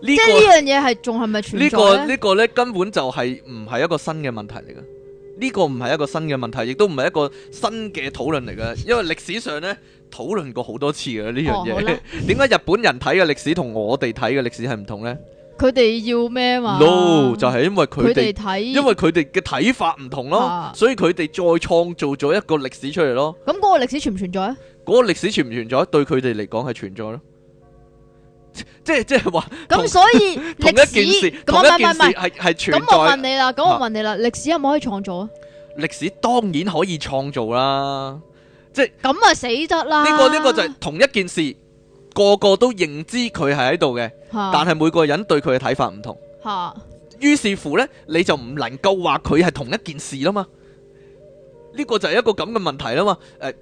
即係呢樣嘢係仲係咪存在呢、呢個呢個呢個咧根本就係唔係一個新嘅問題嚟嘅？呢、呢個唔係一個新嘅問題，亦都唔係一個新嘅討論嚟嘅， *laughs* 因為歷史上咧討論過好多次嘅呢樣嘢。點解 *laughs* 日本人睇嘅歷史同我哋睇嘅歷史係唔同咧？佢哋要咩嘛？no 就係因為佢哋睇，因為佢哋嘅睇法唔同咯，所以佢哋再創造咗一個歷史出嚟咯。咁嗰個歷史存唔存在啊？嗰個歷史存唔存在？對佢哋嚟講係存在咯，即係即係話。咁所以歷史，同一件事，係係咁我問你啦，咁我問你啦，歷史有冇可以創造啊？歷史當然可以創造啦，即係咁啊死得啦！呢個呢個就係同一件事。個個都認知佢係喺度嘅，但係每個人對佢嘅睇法唔同。於是乎呢，你就唔能夠話佢係同一件事啦嘛。呢、呢個就係一個咁嘅問題啦嘛、呃。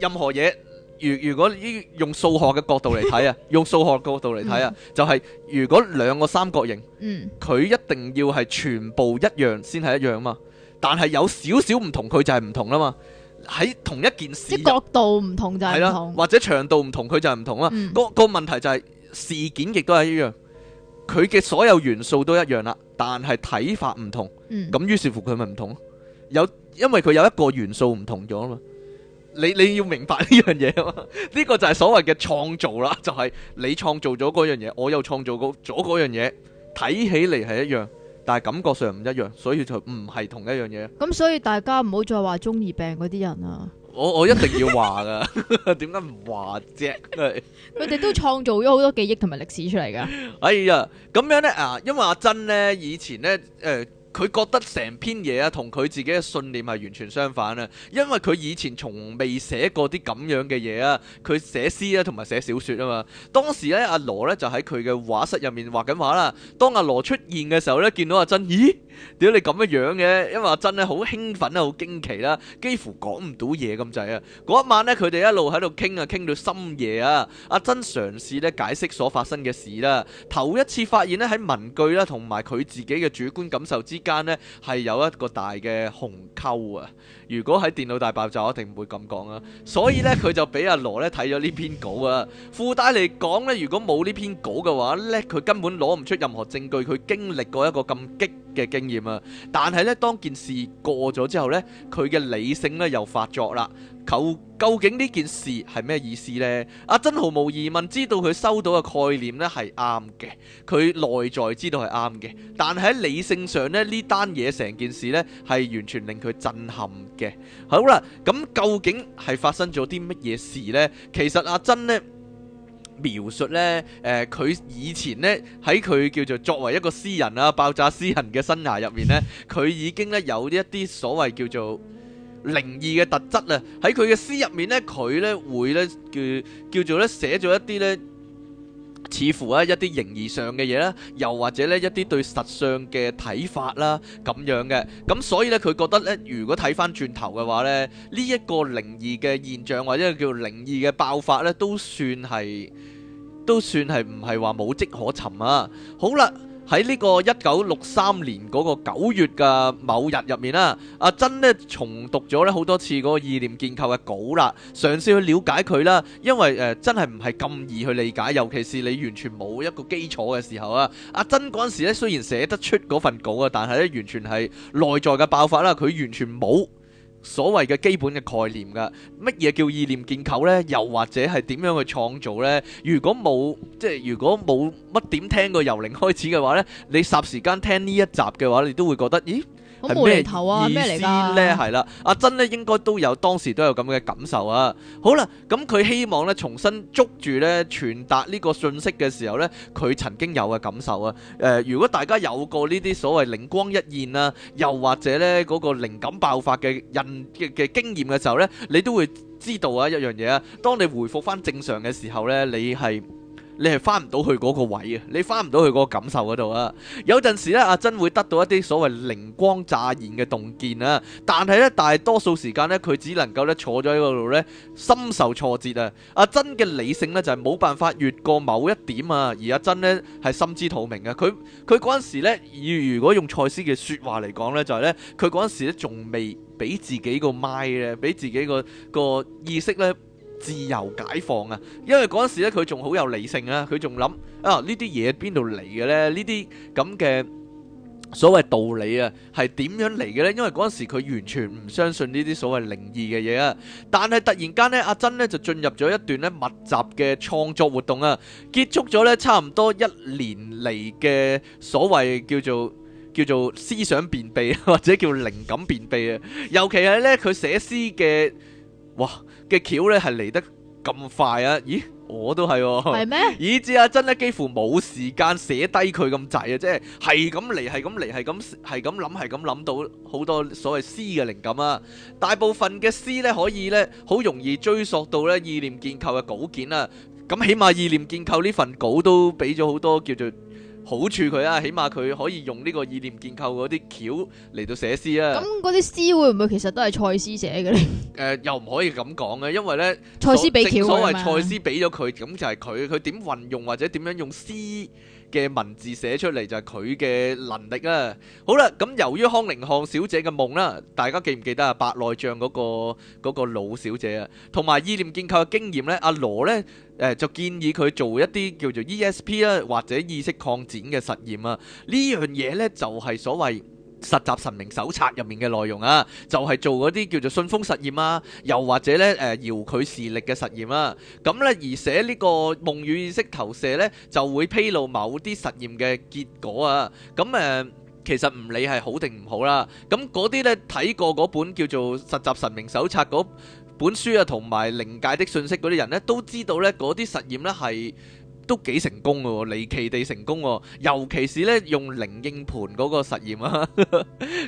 任何嘢，如如果用數學嘅角度嚟睇啊，用數學角度嚟睇啊，就係如果兩個三角形，佢、嗯、一定要係全部一樣先係一樣嘛。但係有少少唔同，佢就係唔同啦嘛。喺同一件事，即角度唔同就係唔同、啊、或者長度唔同佢就係唔同咯。嗯、個個問題就係、是、事件亦都係一樣，佢嘅所有元素都一樣啦，但係睇法唔同，咁於、嗯、是乎佢咪唔同咯。有因為佢有一個元素唔同咗嘛？你你要明白呢樣嘢啊嘛？呢 *laughs* 個就係所謂嘅創造啦，就係、是、你創造咗嗰樣嘢，我又創造咗嗰樣嘢，睇起嚟係一樣。但係感覺上唔一樣，所以就唔係同一樣嘢。咁所以大家唔好再話中二病嗰啲人啊！我我一定要話㗎，點解唔話啫？佢 *laughs* 哋 *laughs* 都創造咗好多記憶同埋歷史出嚟㗎。哎呀，咁樣呢？啊，因為阿珍呢，以前呢。誒、呃。佢覺得成篇嘢啊，同佢自己嘅信念係完全相反啊！因為佢以前從未寫過啲咁樣嘅嘢啊，佢寫詩啊同埋寫小説啊嘛。當時咧，阿羅咧就喺佢嘅畫室入面畫緊畫啦。當阿羅出現嘅時候咧，見到阿珍，咦？點解你咁嘅樣嘅？因為阿珍咧好興奮啦，好驚奇啦、啊，幾乎講唔到嘢咁滯啊！嗰一晚咧，佢哋一路喺度傾啊，傾到深夜啊。阿珍嘗試咧解釋所發生嘅事啦、啊。頭一次發現咧喺文句啦，同埋佢自己嘅主觀感受之間，間呢係有一個大嘅鴻溝啊！如果喺電腦大爆炸，我一定唔會咁講啊。所以呢，佢就俾阿羅呢睇咗呢篇稿啊。附帶嚟講呢，如果冇呢篇稿嘅話呢，佢根本攞唔出任何證據，佢經歷過一個咁激嘅經驗啊，但係咧，當件事過咗之後呢，佢嘅理性咧又發作啦。究究竟呢件事係咩意思呢？阿珍毫無疑問知道佢收到嘅概念咧係啱嘅，佢內在知道係啱嘅，但係喺理性上咧呢單嘢成件事咧係完全令佢震撼嘅。好啦，咁、嗯、究竟係發生咗啲乜嘢事呢？其實阿珍呢。描述呢，誒、呃、佢以前呢，喺佢叫做作為一個詩人啊、爆炸詩人嘅生涯入面呢，佢已經呢有一啲所謂叫做靈異嘅特質啊！喺佢嘅詩入面呢，佢呢會呢叫叫做呢寫咗一啲呢。似乎咧一啲形而上嘅嘢啦，又或者呢一啲對實相嘅睇法啦，咁樣嘅，咁所以呢，佢覺得呢，如果睇翻轉頭嘅話呢，呢、這、一個靈異嘅現象或者叫靈異嘅爆發呢，都算係都算係唔係話冇跡可尋啊！好啦。喺呢個一九六三年嗰個九月嘅某日入面啦，阿、啊、珍呢重讀咗咧好多次嗰、那個意念建構嘅稿啦，嘗試去了解佢啦，因為誒、呃、真係唔係咁易去理解，尤其是你完全冇一個基礎嘅時候啊！阿珍嗰陣時咧雖然寫得出嗰份稿啊，但係呢完全係內在嘅爆發啦，佢完全冇。所謂嘅基本嘅概念㗎，乜嘢叫意念建構呢？又或者係點樣去創造呢？如果冇即係，如果冇乜點聽過由零開始嘅話呢，你霎時間聽呢一集嘅話，你都會覺得咦？好無厘頭啊？咩嚟噶咧？係啦，阿珍咧，應該都有當時都有咁嘅感受啊。好啦，咁佢希望咧重新捉住咧傳達呢個信息嘅時候咧，佢曾經有嘅感受啊。誒、呃，如果大家有過呢啲所謂靈光一現啊，又或者咧嗰個靈感爆發嘅人嘅嘅經驗嘅時候咧，你都會知道啊，一樣嘢啊。當你回復翻正常嘅時候咧，你係。你係翻唔到去嗰個位啊！你翻唔到去嗰個感受嗰度啊！有陣時呢，阿珍會得到一啲所謂靈光乍現嘅洞見啊！但係呢，大多數時間呢，佢只能夠咧坐咗喺嗰度呢，深受挫折啊！阿珍嘅理性呢，就係、是、冇辦法越過某一點啊！而阿珍呢，係心知肚明啊。佢佢嗰陣時咧，如果用賽斯嘅説話嚟講呢，就係呢，佢嗰陣時仲未俾自己個 mind 呢，俾自己個個意識呢，自由解放啊！因為嗰陣時咧，佢仲好有理性啊，佢仲諗啊，呢啲嘢邊度嚟嘅咧？呢啲咁嘅所謂道理啊，係點樣嚟嘅咧？因為嗰陣時佢完全唔相信呢啲所謂靈異嘅嘢啊！但係突然間咧，阿珍咧就進入咗一段咧密集嘅創作活動啊！結束咗咧差唔多一年嚟嘅所謂叫做叫做思想便秘或者叫靈感便秘啊！尤其係咧佢寫詩嘅哇！嘅橋咧係嚟得咁快啊！咦，我都係喎。係咩？以至阿珍咧幾乎冇時間寫低佢咁滯啊！即係係咁嚟，係咁嚟，係咁係咁諗，係咁諗到好多所謂詩嘅靈感啊！大部分嘅詩咧可以咧好容易追溯到咧意念建構嘅稿件啊！咁起碼意念建構呢份稿都俾咗好多叫做，好處佢啊，起碼佢可以用呢個意念建構嗰啲橋嚟到寫詩啊、嗯。咁嗰啲詩會唔會其實都係蔡詩寫嘅咧？誒、呃，又唔可以咁講嘅，因為咧，蔡詩俾正所謂蔡詩俾咗佢，咁、嗯、就係佢佢點運用或者點樣用詩嘅文字寫出嚟，就係佢嘅能力啊。好啦，咁、嗯、由於康寧漢小姐嘅夢啦、啊，大家記唔記得啊？白內障嗰、那個那個老小姐啊，同埋意念建構嘅經驗咧，阿、啊、羅咧。誒、呃、就建議佢做一啲叫做 ESP 啦、啊，或者意識擴展嘅實驗啊！呢樣嘢呢，就係、是、所謂實習神明手冊入面嘅內容啊，就係、是、做嗰啲叫做信封實驗啊，又或者呢誒遙距視力嘅實驗啊。咁呢，而寫呢個夢與意識投射呢，就會披露某啲實驗嘅結果啊。咁誒其實唔理係好定唔好啦、啊。咁嗰啲呢，睇過嗰本叫做實習神明手冊嗰本書啊，同埋靈界的信息嗰啲人咧，都知道呢嗰啲實驗咧係都幾成功嘅，離奇地成功，尤其是咧用靈應盤嗰個實驗啊。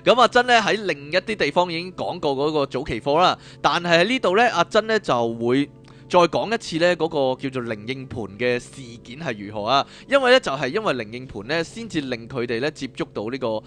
咁 *laughs* 阿珍咧喺另一啲地方已經講過嗰個早期課啦，但係喺呢度呢，阿珍咧就會。再講一次咧，嗰個叫做靈應盤嘅事件係如何啊？因為咧就係、是、因為靈應盤咧，先至令佢哋咧接觸到呢個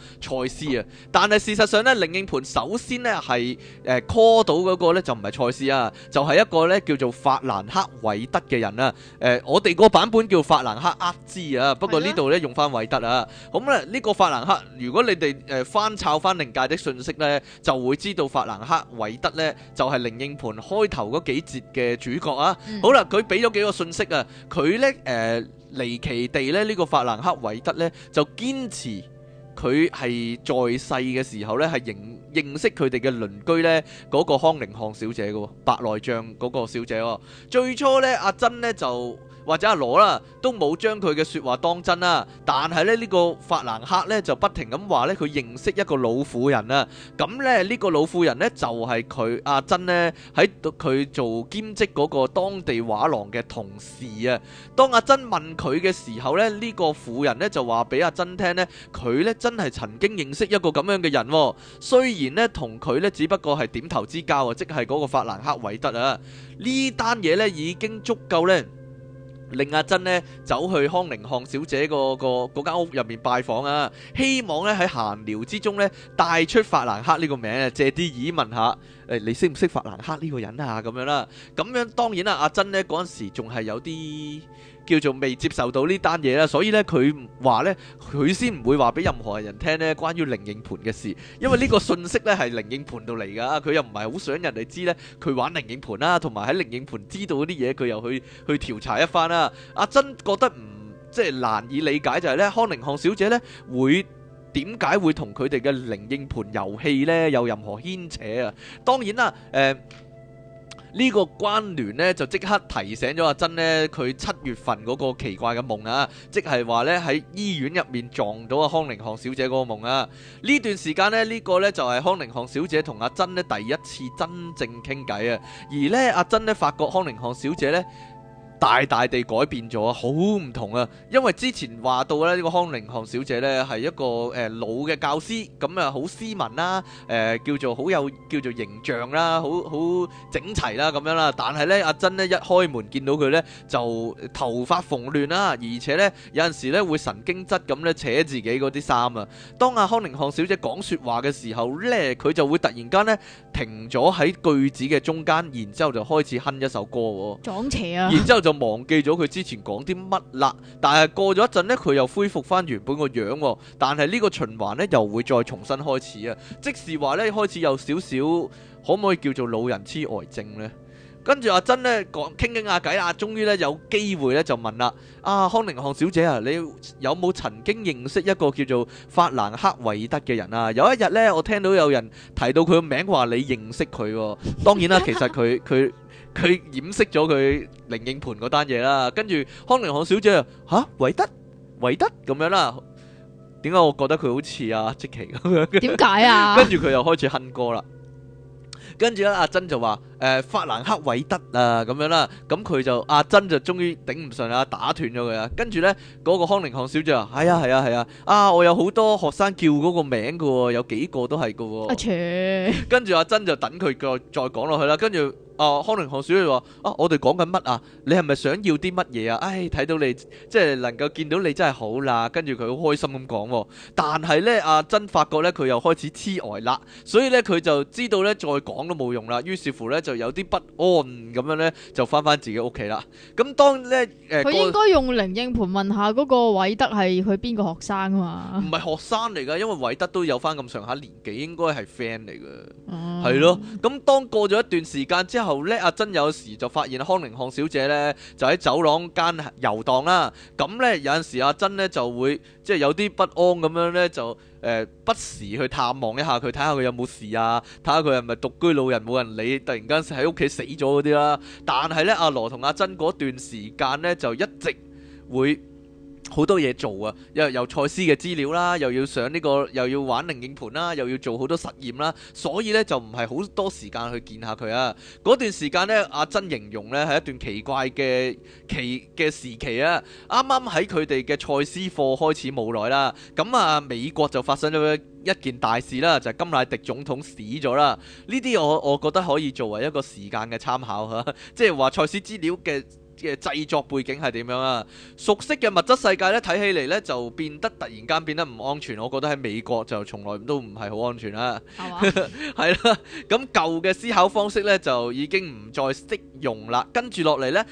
賽斯啊。但係事實上咧，靈應盤首先咧係誒 call 到嗰個咧就唔係賽斯啊，就係、是、一個咧叫做法蘭克韋德嘅人啊。誒、呃、我哋個版本叫法蘭克厄茲啊，不過呢度咧用翻韋德啊。咁咧的呢、呢個法蘭克，如果你哋誒、呃、翻抄翻靈界的信息咧，就會知道法蘭克韋德咧就係、是、靈應盤開頭幾節嘅主角。啊、 *music* 嗯， *music* 好啦，佢俾咗幾個信息啊，佢呢，誒、呃、離奇地呢，呢個法蘭克維德呢，就堅持佢係在世嘅時候呢，係認認識佢哋嘅鄰居呢，嗰個康寧漢小姐嘅，白內障嗰個小姐喎，最初呢，阿珍呢，就，或者阿羅啦，都冇將佢嘅説話當真啦。但係咧，呢個法蘭克咧就不停咁話咧，佢認識一個老婦人啊。咁咧，呢個老婦人呢，就係佢阿珍呢喺佢做兼職嗰個當地畫廊嘅同事啊。當阿珍問佢嘅時候呢，呢個婦人呢，就話俾阿珍聽呢佢呢，真係曾經認識一個咁樣嘅人，雖然呢，同佢呢，只不過係點頭之交啊，即係嗰個法蘭克韋德啊。呢單嘢呢，已經足夠呢。」令阿珍呢走去康寧漢小姐，那個嗰間，那個、屋入面拜訪啊，希望咧喺閒聊之中咧帶出法蘭克呢個名，借啲耳問下誒、欸，你識唔識法蘭克呢個人啊？咁樣啦，咁樣當然啦，阿珍呢嗰陣時仲係有啲。叫做未接受到呢單嘢啦，所以咧佢話咧，佢先唔會話俾任何人聽咧關於靈應盤嘅事，因為呢個信息咧係靈應盤度嚟噶，佢又唔係好想人哋知咧佢玩靈應盤啦，同埋喺靈應盤知道嗰啲嘢，佢又去去調查一番啦。阿珍覺得唔即係難以理解就係咧康寧漢小姐咧會點解會同佢哋嘅靈應盤遊戲咧有任何牽扯啊？當然啦，誒。呢個關聯呢，就即刻提醒咗阿珍呢，佢七月份嗰個奇怪嘅夢啊，即係話呢，喺醫院入面撞到阿康寧杭小姐嗰個夢啊。呢段時間呢，呢個呢，就係康寧杭小姐同阿珍呢第一次真正傾偈啊。而呢，阿珍呢，發覺康寧杭小姐呢。大大地改變咗啊，好唔同啊！因為之前話到咧，呢個康寧漢小姐呢，係一個誒、呃、老嘅教師，咁啊好斯文啦、啊，誒、呃、叫做好有叫做形象啦、啊，好好整齊啦、啊、咁樣啦、啊。但係呢，阿珍呢一開門見到佢呢，就頭髮蓬亂啦、啊，而且呢，有陣時呢會神經質咁咧扯自己嗰啲衫啊。當阿、啊、康寧漢小姐講説話嘅時候呢，佢就會突然間呢，停咗喺句子嘅中間，然之後就開始哼一首歌，撞邪啊！就忘記咗佢之前講啲乜啦，但係過咗一陣咧，佢又恢復翻原本個樣喎。但係呢個循環咧，又會再重新開始啊！即是話咧，開始有少少，可唔可以叫做老人痴呆症咧？跟住阿珍咧講傾傾下偈啊，終於咧有機會咧就問啦：啊，康寧漢小姐啊，你有冇曾經認識一個叫做法蘭克維德嘅人啊？有一日咧，我聽到有人提到佢個名，話你認識佢喎。當然啦，其實佢佢。佢掩飾咗佢靈應盤嗰單嘢啦，跟住康寧漢小姐啊嚇，韋德韋德咁樣啦，點解我覺得佢好似阿積奇咁樣？點解啊？跟住佢又開始哼歌啦，跟住咧阿珍就話誒法蘭克韋德啊咁樣啦，咁佢就阿珍就終於頂唔順啦，打斷咗佢啦，跟住咧嗰個康寧漢小姐啊，係啊係啊係啊，啊我有好多學生叫嗰個名㗎喎，有幾個都係㗎喎，阿全，跟住阿珍就等佢再再講落去啦，跟住。啊，康寧康小姐話：啊，我哋講緊乜啊？你係咪想要啲乜嘢啊？唉、哎，睇到你即係能夠見到你真係好啦、啊。跟住佢好開心咁講、啊，但係呢，阿、啊、真發覺呢，佢又開始痴呆啦，所以呢，佢就知道呢，再講都冇用啦。於是乎呢，就有啲不安咁、哦嗯、樣呢，就翻翻自己屋企啦。咁當呢，佢、呃、應該用靈應盤問下嗰個韋德係佢邊個學生啊嘛？唔係學生嚟㗎，因為韋德都有翻咁上下年紀，應該係 friend 嚟㗎，係、嗯、咯。咁當過咗一段時間之後。後咧阿珍有時就發現康寧漢小姐咧就喺走廊間遊蕩啦，咁咧有陣時阿珍咧就會即係有啲不安咁樣咧就誒、呃、不時去探望一下佢，睇下佢有冇事啊，睇下佢係咪獨居老人冇人理，突然間喺屋企死咗嗰啲啦。但係咧阿羅同阿珍嗰段時間咧就一直會好多嘢做啊！又又賽斯嘅資料啦，又要上呢、這個，又要玩靈應盤啦，又要做好多實驗啦，所以咧就唔係好多時間去見下佢啊！嗰段時間咧，阿、啊、珍形容咧係一段奇怪嘅期嘅時期啊！啱啱喺佢哋嘅賽斯課開始冇耐啦，咁啊美國就發生咗一件大事啦，就係、是、甘迺迪總統死咗啦。呢啲我我覺得可以作為一個時間嘅參考吓、啊，即係話賽斯資料嘅。嘅製作背景係點樣啊？熟悉嘅物質世界咧，睇起嚟咧就變得突然間變得唔安全。我覺得喺美國就從來都唔係好安全啦。係啦、啊哇，咁 *laughs* 舊嘅思考方式咧就已經唔再適用啦。跟住落嚟咧，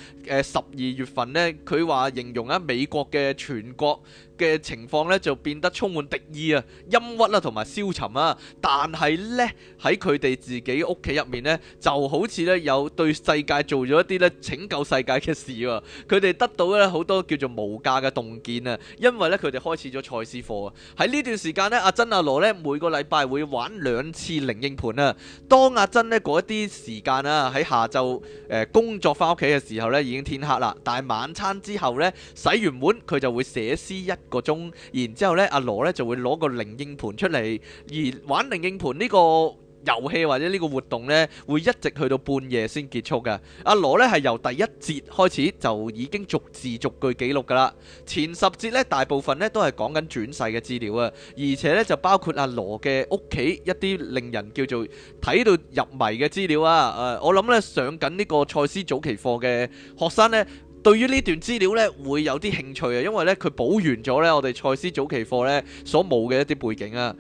誒十二月份咧，佢話形容喺、啊、美國嘅全國嘅情況呢，就變得充滿敵意啊、陰鬱啦同埋消沉啊。但係呢，喺佢哋自己屋企入面呢，就好似呢，有對世界做咗一啲呢拯救世界嘅事喎。佢哋得到呢，好多叫做無價嘅洞見啊。因為呢，佢哋開始咗賽事課。喺呢段時間呢，阿珍阿羅呢，每個禮拜會玩兩次靈應盤啊。當阿珍呢，一啲時間啊喺下晝誒工作翻屋企嘅時候呢，已經天黑啦，但係晚餐之後呢，洗完碗佢就會寫詩一個鐘，然之後咧，阿羅咧就會攞個靈應盤出嚟，而玩靈應盤呢個遊戲或者呢個活動咧，會一直去到半夜先結束嘅。阿羅咧係由第一節開始就已經逐字逐句記錄噶啦。前十節咧，大部分咧都係講緊轉世嘅資料啊，而且咧就包括阿羅嘅屋企一啲令人叫做睇到入迷嘅資料啊。誒，我諗咧，上緊呢個賽斯早期課嘅學生咧。對於呢段資料呢，會有啲興趣啊，因為呢，佢補完咗呢，我哋賽斯早期課呢所冇嘅一啲背景啊。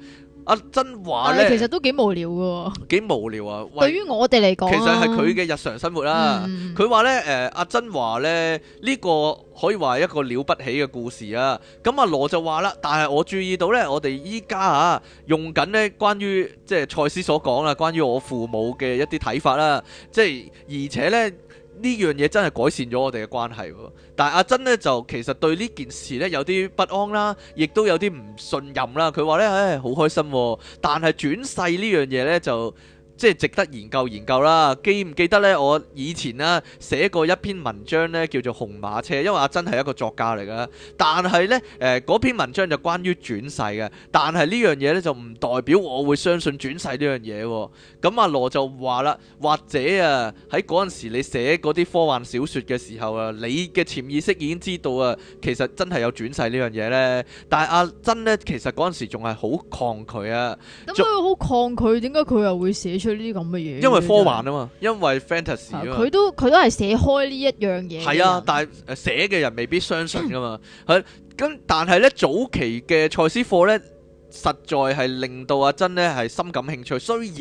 阿珍話呢，其實都幾無聊嘅、哦，幾無聊啊。對於我哋嚟講，其實係佢嘅日常生活啦、啊。佢話、嗯、呢，誒、呃，阿珍話呢，呢、這個可以話係一個了不起嘅故事啊。咁阿羅就話啦，但係我注意到呢，我哋依家啊用緊呢關於即係賽斯所講啦，關於我父母嘅一啲睇法啦、啊，即係而且呢。呢樣嘢真係改善咗我哋嘅關係，但係阿珍呢，就其實對呢件事呢有啲不安啦，亦都有啲唔信任啦。佢話呢，唉、哎，好開心喎，但係轉世呢樣嘢呢，就。即係值得研究研究啦，記唔記得呢？我以前呢、啊，寫過一篇文章呢，叫做《紅馬車》，因為阿珍係一個作家嚟嘅。但係呢，誒、呃、嗰篇文章就關於轉世嘅。但係呢樣嘢呢，就唔代表我會相信轉世呢樣嘢喎。咁、嗯、阿羅就話啦，「或者啊喺嗰陣時你寫嗰啲科幻小說嘅時候啊，你嘅潛意識已經知道啊，其實真係有轉世呢樣嘢呢。」但係阿珍呢，其實嗰陣時仲係好抗拒啊。點解佢好抗拒？點解佢又會寫出佢呢啲咁嘅嘢，因為科幻啊嘛，因為 fantasy 啊嘛，佢都佢都係寫開呢一樣嘢。係啊，但係寫嘅人未必相信噶嘛。咁但係咧，早期嘅賽斯課咧，實在係令到阿珍咧係深感興趣。雖然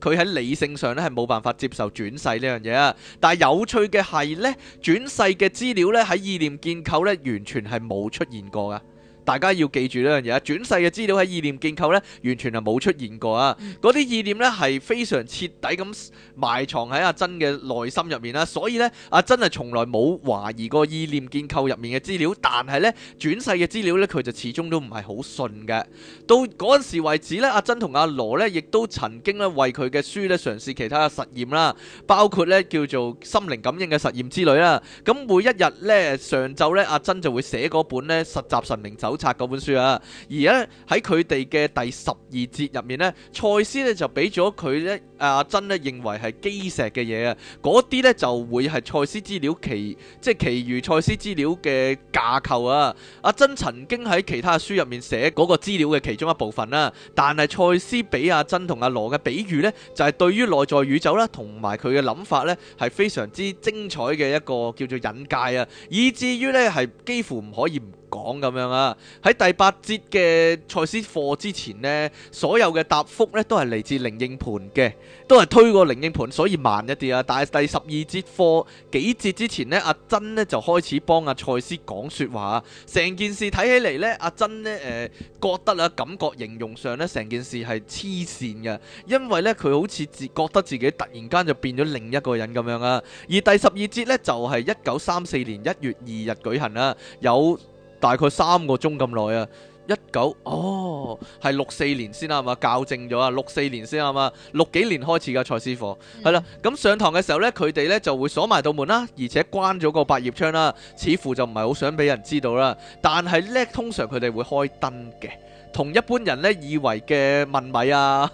佢喺理性上咧係冇辦法接受轉世呢樣嘢啊，但係有趣嘅係咧，轉世嘅資料咧喺意念建構咧完全係冇出現過噶。大家要記住呢樣嘢，轉世嘅資料喺意念建構呢，完全係冇出現過啊！嗰啲意念呢，係非常徹底咁埋藏喺阿珍嘅內心入面啦，所以呢，阿珍係從來冇懷疑過意念建構入面嘅資料，但係呢，轉世嘅資料呢，佢就始終都唔係好信嘅。到嗰陣時為止呢，阿珍同阿羅呢，亦都曾經呢為佢嘅書呢，嘗試其他嘅實驗啦，包括呢叫做心靈感應嘅實驗之類啦。咁每一日呢，上晝呢，阿珍就會寫嗰本呢「實習神靈手。好拆本書啊，而家喺佢哋嘅第十二節入面呢，賽斯呢就俾咗佢呢，阿珍呢認為係基石嘅嘢啊，嗰啲呢就會係賽斯資料其、即係、就是、其餘賽斯資料嘅架構啊。阿珍曾經喺其他書入面寫嗰個資料嘅其中一部分啦，但係賽斯俾阿珍同阿羅嘅比喻呢，就係對於內在宇宙啦，同埋佢嘅諗法呢，係非常之精彩嘅一個叫做引介啊，以至於呢係幾乎唔可以唔。講咁樣啊！喺第八節嘅賽斯課之前呢，所有嘅答覆呢都係嚟自靈應盤嘅，都係推過靈應盤，所以慢一啲啊。但係第十二節課幾節之前呢，阿珍呢就開始幫阿賽斯講說話。成件事睇起嚟呢，阿珍呢誒、呃、覺得啊，感覺形容上呢成件事係黐線嘅，因為呢，佢好似自覺得自己突然間就變咗另一個人咁樣啊。而第十二節呢，就係一九三四年一月二日舉行啦，有。大概三個鐘咁耐啊！一九哦，係六四年先啱嘛，校正咗啊，六四年先啱嘛，六幾年開始嘅蔡師傅，係啦。咁上堂嘅時候咧，佢哋咧就會鎖埋道門啦，而且關咗個百葉窗啦，似乎就唔係好想俾人知道啦。但係咧，通常佢哋會開燈嘅，同一般人咧以為嘅問米啊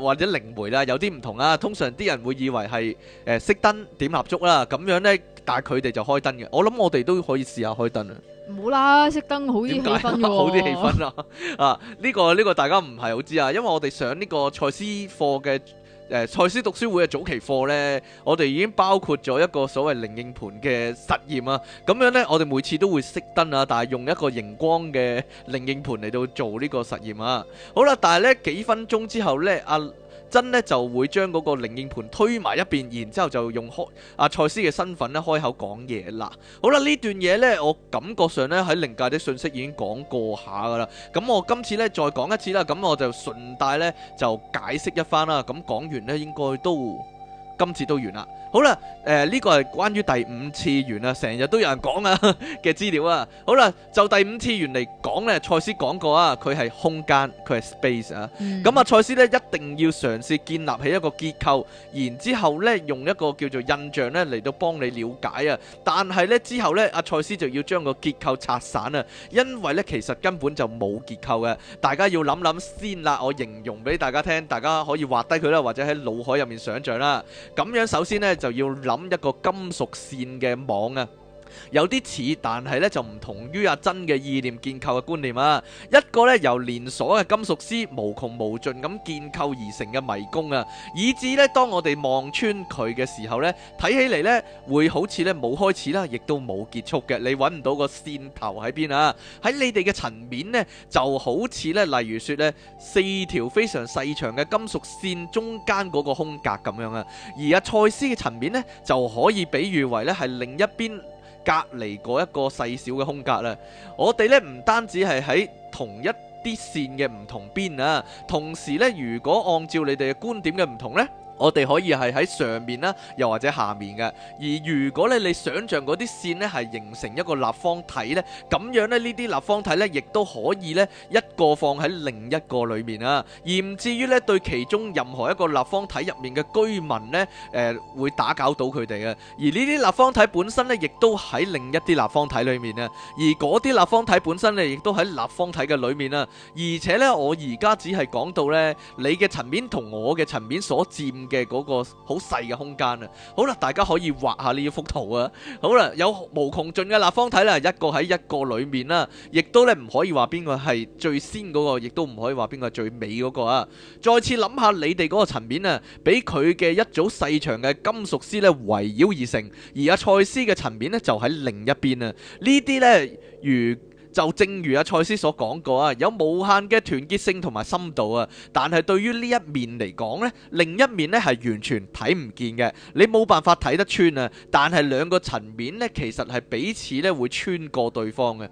或者靈媒啊有啲唔同啊。通常啲人會以為係誒，熄燈點蠟燭啦，咁樣咧。但係佢哋就開燈嘅，我諗我哋都可以試下開燈,燈 *laughs* 啊！好、這、啦、個，熄燈好啲氣氛好啲氣氛啦！啊，呢個呢個大家唔係好知啊，因為我哋上呢個賽斯課嘅誒賽斯讀書會嘅早期課呢，我哋已經包括咗一個所謂靈應盤嘅實驗啊！咁樣呢，我哋每次都會熄燈啊，但係用一個熒光嘅靈應盤嚟到做呢個實驗啊！好啦，但係呢幾分鐘之後呢。阿、啊。 *noise* 真咧就會將嗰個靈應盤推埋一邊，然之後就用開阿賽、啊、斯嘅身份咧開口講嘢啦。好啦，呢段嘢呢，我感覺上呢，喺靈界啲信息已經講過下噶啦，咁我今次呢，再講一次啦，咁我就順帶呢，就解釋一番啦。咁講完呢，應該都。今次都完啦，好啦，誒、呃、呢、這個係關於第五次元啊，成日都有人講啊嘅資 *laughs* 料啊，好啦，就第五次元嚟講呢。賽斯講過啊，佢係空間，佢係 space 啊，咁啊賽斯呢一定要嘗試建立起一個結構，然之後呢用一個叫做印象呢嚟到幫你了解啊，但係呢之後呢，阿賽斯就要將個結構拆散啊，因為呢其實根本就冇結構嘅，大家要諗諗先啦，我形容俾大家聽，大家可以畫低佢啦，或者喺腦海入面想象啦。咁樣首先呢就要諗一個金屬線嘅網啊。有啲似，但係咧就唔同於阿珍嘅意念建構嘅觀念啊。一個咧由連鎖嘅金屬絲無窮無盡咁建構而成嘅迷宮啊，以至咧當我哋望穿佢嘅時候咧，睇起嚟咧會好似咧冇開始啦，亦都冇結束嘅。你搵唔到個線頭喺邊啊？喺你哋嘅層面呢，就好似咧，例如說咧四條非常細長嘅金屬線中間嗰個空格咁樣啊。而阿賽斯嘅層面呢，就可以比喻為咧係另一邊。隔離嗰一個細小嘅空格啦，我哋咧唔單止係喺同一啲線嘅唔同邊啊，同時咧，如果按照你哋嘅觀點嘅唔同咧。我哋可以係喺上面啦，又或者下面嘅。而如果咧，你想象嗰啲線咧係形成一個立方體咧，咁樣咧呢啲立方體咧亦都可以咧一個放喺另一個裏面啊。而唔至於咧對其中任何一個立方體入面嘅居民咧，誒會打攪到佢哋嘅。而呢啲立方體本身咧亦都喺另一啲立方體裏面啊。而嗰啲立方體本身咧亦都喺立方體嘅裏面啊。而且咧，我而家只係講到咧你嘅層面同我嘅層面所佔嘅嗰個好細嘅空間啊，好啦，大家可以畫下呢一幅圖啊，好啦，有無窮盡嘅立方體啦，一個喺一個裏面啦，亦都咧唔可以話邊個係最先嗰個，亦都唔可以話邊個係最尾嗰個啊。再次諗下你哋嗰個層面啊，俾佢嘅一組細長嘅金屬絲咧圍繞而成，而阿賽斯嘅層面呢，就喺另一邊啊。呢啲呢，如就正如阿賽斯所講過啊，有無限嘅團結性同埋深度啊，但係對於呢一面嚟講呢，另一面呢係完全睇唔見嘅，你冇辦法睇得穿啊。但係兩個層面呢，其實係彼此咧會穿過對方嘅。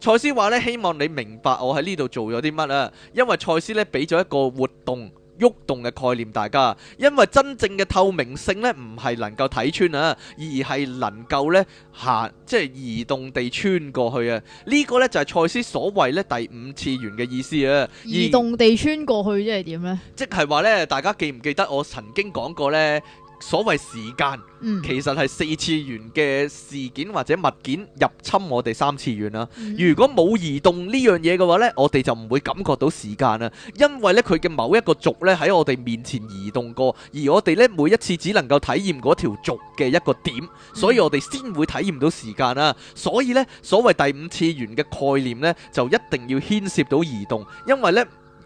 賽斯話呢，希望你明白我喺呢度做咗啲乜啊，因為賽斯呢俾咗一個活動。喐動嘅概念，大家，因為真正嘅透明性呢，唔係能夠睇穿啊，而係能夠呢，行，即係移動地穿過去啊！呢、這個呢，就係賽斯所謂呢第五次元嘅意思啊！移動地穿過去即係點呢？即係話呢，大家記唔記得我曾經講過呢？所謂時間，其實係四次元嘅事件或者物件入侵我哋三次元啦。如果冇移動呢樣嘢嘅話呢，我哋就唔會感覺到時間啊。因為呢，佢嘅某一個軸呢，喺我哋面前移動過，而我哋呢每一次只能夠體驗嗰條軸嘅一個點，所以我哋先會體驗到時間啊。所以呢，所謂第五次元嘅概念呢，就一定要牽涉到移動，因為呢，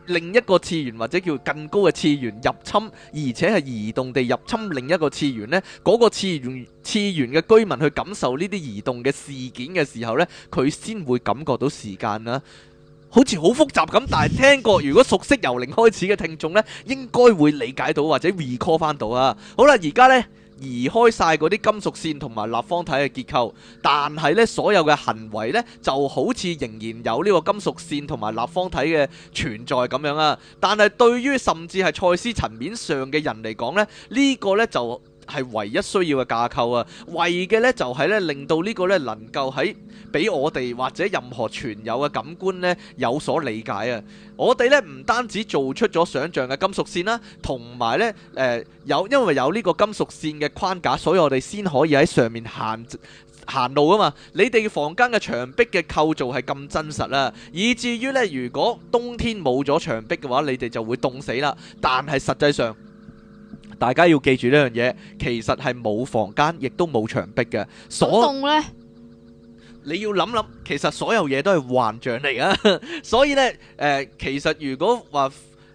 另一個次元或者叫更高嘅次元入侵，而且係移動地入侵另一個次元呢，嗰、嗰個次元次元嘅居民去感受呢啲移動嘅事件嘅時候呢，佢先會感覺到時間啦。好似好複雜咁，但係聽過，如果熟悉由零開始嘅聽眾呢，應該會理解到或者 recall 翻到啊。好啦，而家呢。移開晒嗰啲金屬線同埋立方體嘅結構，但係呢所有嘅行為呢就好似仍然有呢個金屬線同埋立方體嘅存在咁樣啊！但係對於甚至係賽斯層面上嘅人嚟講呢，呢、呢個呢就～係唯一需要嘅架構啊，為嘅呢就係、是、咧令到個呢個呢能夠喺俾我哋或者任何存有嘅感官呢有所理解啊。我哋呢唔單止做出咗想像嘅金屬線啦、啊，同埋呢，誒、呃、有因為有呢個金屬線嘅框架，所以我哋先可以喺上面行行路啊嘛。你哋房間嘅牆壁嘅構造係咁真實啦、啊，以至於呢，如果冬天冇咗牆壁嘅話，你哋就會凍死啦。但係實際上，大家要記住呢樣嘢，其實係冇房間，亦都冇牆壁嘅。所以呢，你要諗諗，其實所有嘢都係幻象嚟噶。所以呢，誒，其實如果話，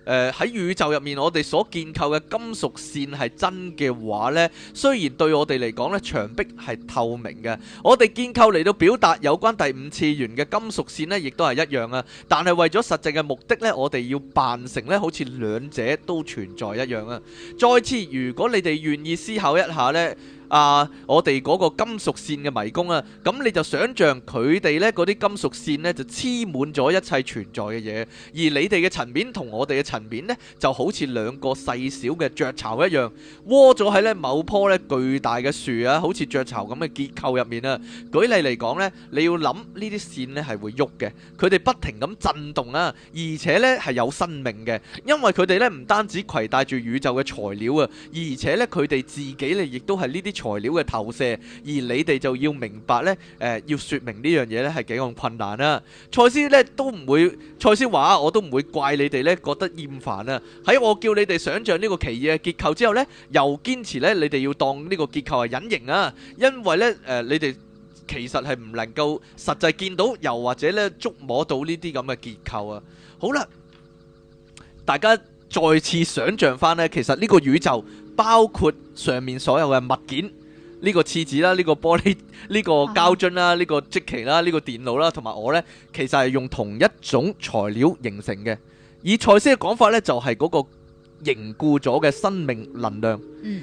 誒喺、呃、宇宙入面，我哋所建構嘅金屬線係真嘅話呢，雖然對我哋嚟講呢，牆壁係透明嘅，我哋建構嚟到表達有關第五次元嘅金屬線呢，亦都係一樣啊。但係為咗實際嘅目的呢，我哋要扮成呢，好似兩者都存在一樣啊。再次，如果你哋願意思考一下呢。啊！我哋嗰個金屬線嘅迷宮啊，咁你就想象佢哋咧嗰啲金屬線咧就黐滿咗一切存在嘅嘢，而你哋嘅層面同我哋嘅層面咧就好似兩個細小嘅雀巢一樣，窩咗喺咧某棵咧巨大嘅樹啊，好似雀巢咁嘅結構入面啊。舉例嚟講咧，你要諗呢啲線咧係會喐嘅，佢哋不停咁震動啊，而且咧係有生命嘅，因為佢哋咧唔單止攜帶住宇宙嘅材料啊，而且咧佢哋自己咧亦都係呢啲，材料嘅投射，而你哋就要明白呢，誒、呃，要說明呢樣嘢呢，係幾咁困難啦。賽斯咧都唔會，賽斯話我都唔會怪你哋呢，覺得厭煩啊。喺我叫你哋想象呢個奇異嘅結構之後呢，又堅持呢，你哋要當呢個結構係隱形啊，因為呢，誒、呃，你哋其實係唔能夠實際見到，又或者呢，觸摸到呢啲咁嘅結構啊。好啦，大家再次想象翻呢，其實呢個宇宙。包括上面所有嘅物件，呢、這個廁紙啦，呢、這個玻璃，呢、這個膠樽啦，呢、這個積奇啦，呢、這個電腦啦，同埋我呢，其實係用同一種材料形成嘅。以賽斯嘅講法呢，就係、是、嗰個凝固咗嘅生命能量。嗯。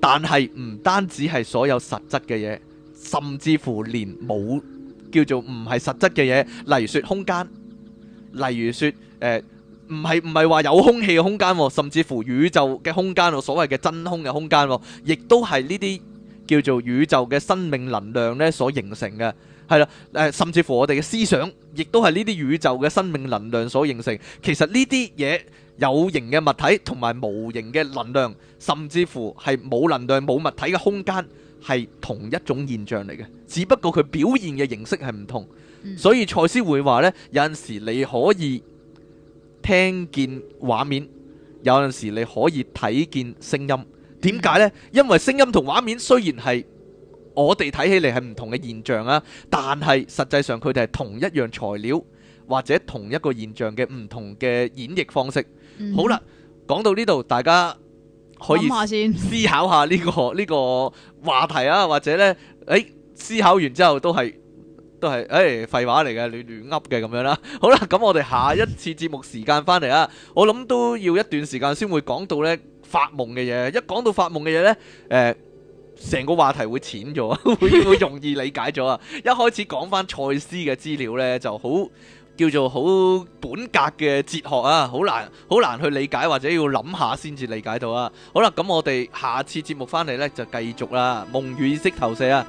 但係唔單止係所有實質嘅嘢，甚至乎連冇叫做唔係實質嘅嘢，例如說空間，例如說誒。呃唔係唔係話有空氣嘅空間，甚至乎宇宙嘅空間，所謂嘅真空嘅空間，亦都係呢啲叫做宇宙嘅生命能量呢所形成嘅。係啦，誒，甚至乎我哋嘅思想，亦都係呢啲宇宙嘅生命能量所形成。其實呢啲嘢，有形嘅物體同埋無形嘅能量，甚至乎係冇能量冇物體嘅空間，係同一種現象嚟嘅，只不過佢表現嘅形式係唔同。所以賽斯會話呢，有陣時你可以。聽見畫面，有陣時你可以睇見聲音，點解呢？因為聲音同畫面雖然係我哋睇起嚟係唔同嘅現象啊，但係實際上佢哋係同一樣材料或者同一個現象嘅唔同嘅演繹方式。嗯哼。好啦，講到呢度，大家可以思考下呢個呢個話題啊，或者呢，誒，思考完之後都係。都係，誒，廢話嚟嘅，亂亂噏嘅咁樣啦，啦、呃 *laughs* 啊、啦。好啦，咁我哋下一次節目時間翻嚟啊，我諗都要一段時間先會講到呢發夢嘅嘢。一講到發夢嘅嘢呢，誒，成個話題會淺咗，會會容易理解咗啊。一開始講翻賽斯嘅資料呢，就好叫做好本格嘅哲學啊，好難好難去理解或者要諗下先至理解到啊。好啦，咁我哋下次節目翻嚟呢，就繼續啦，夢與意識投射啊。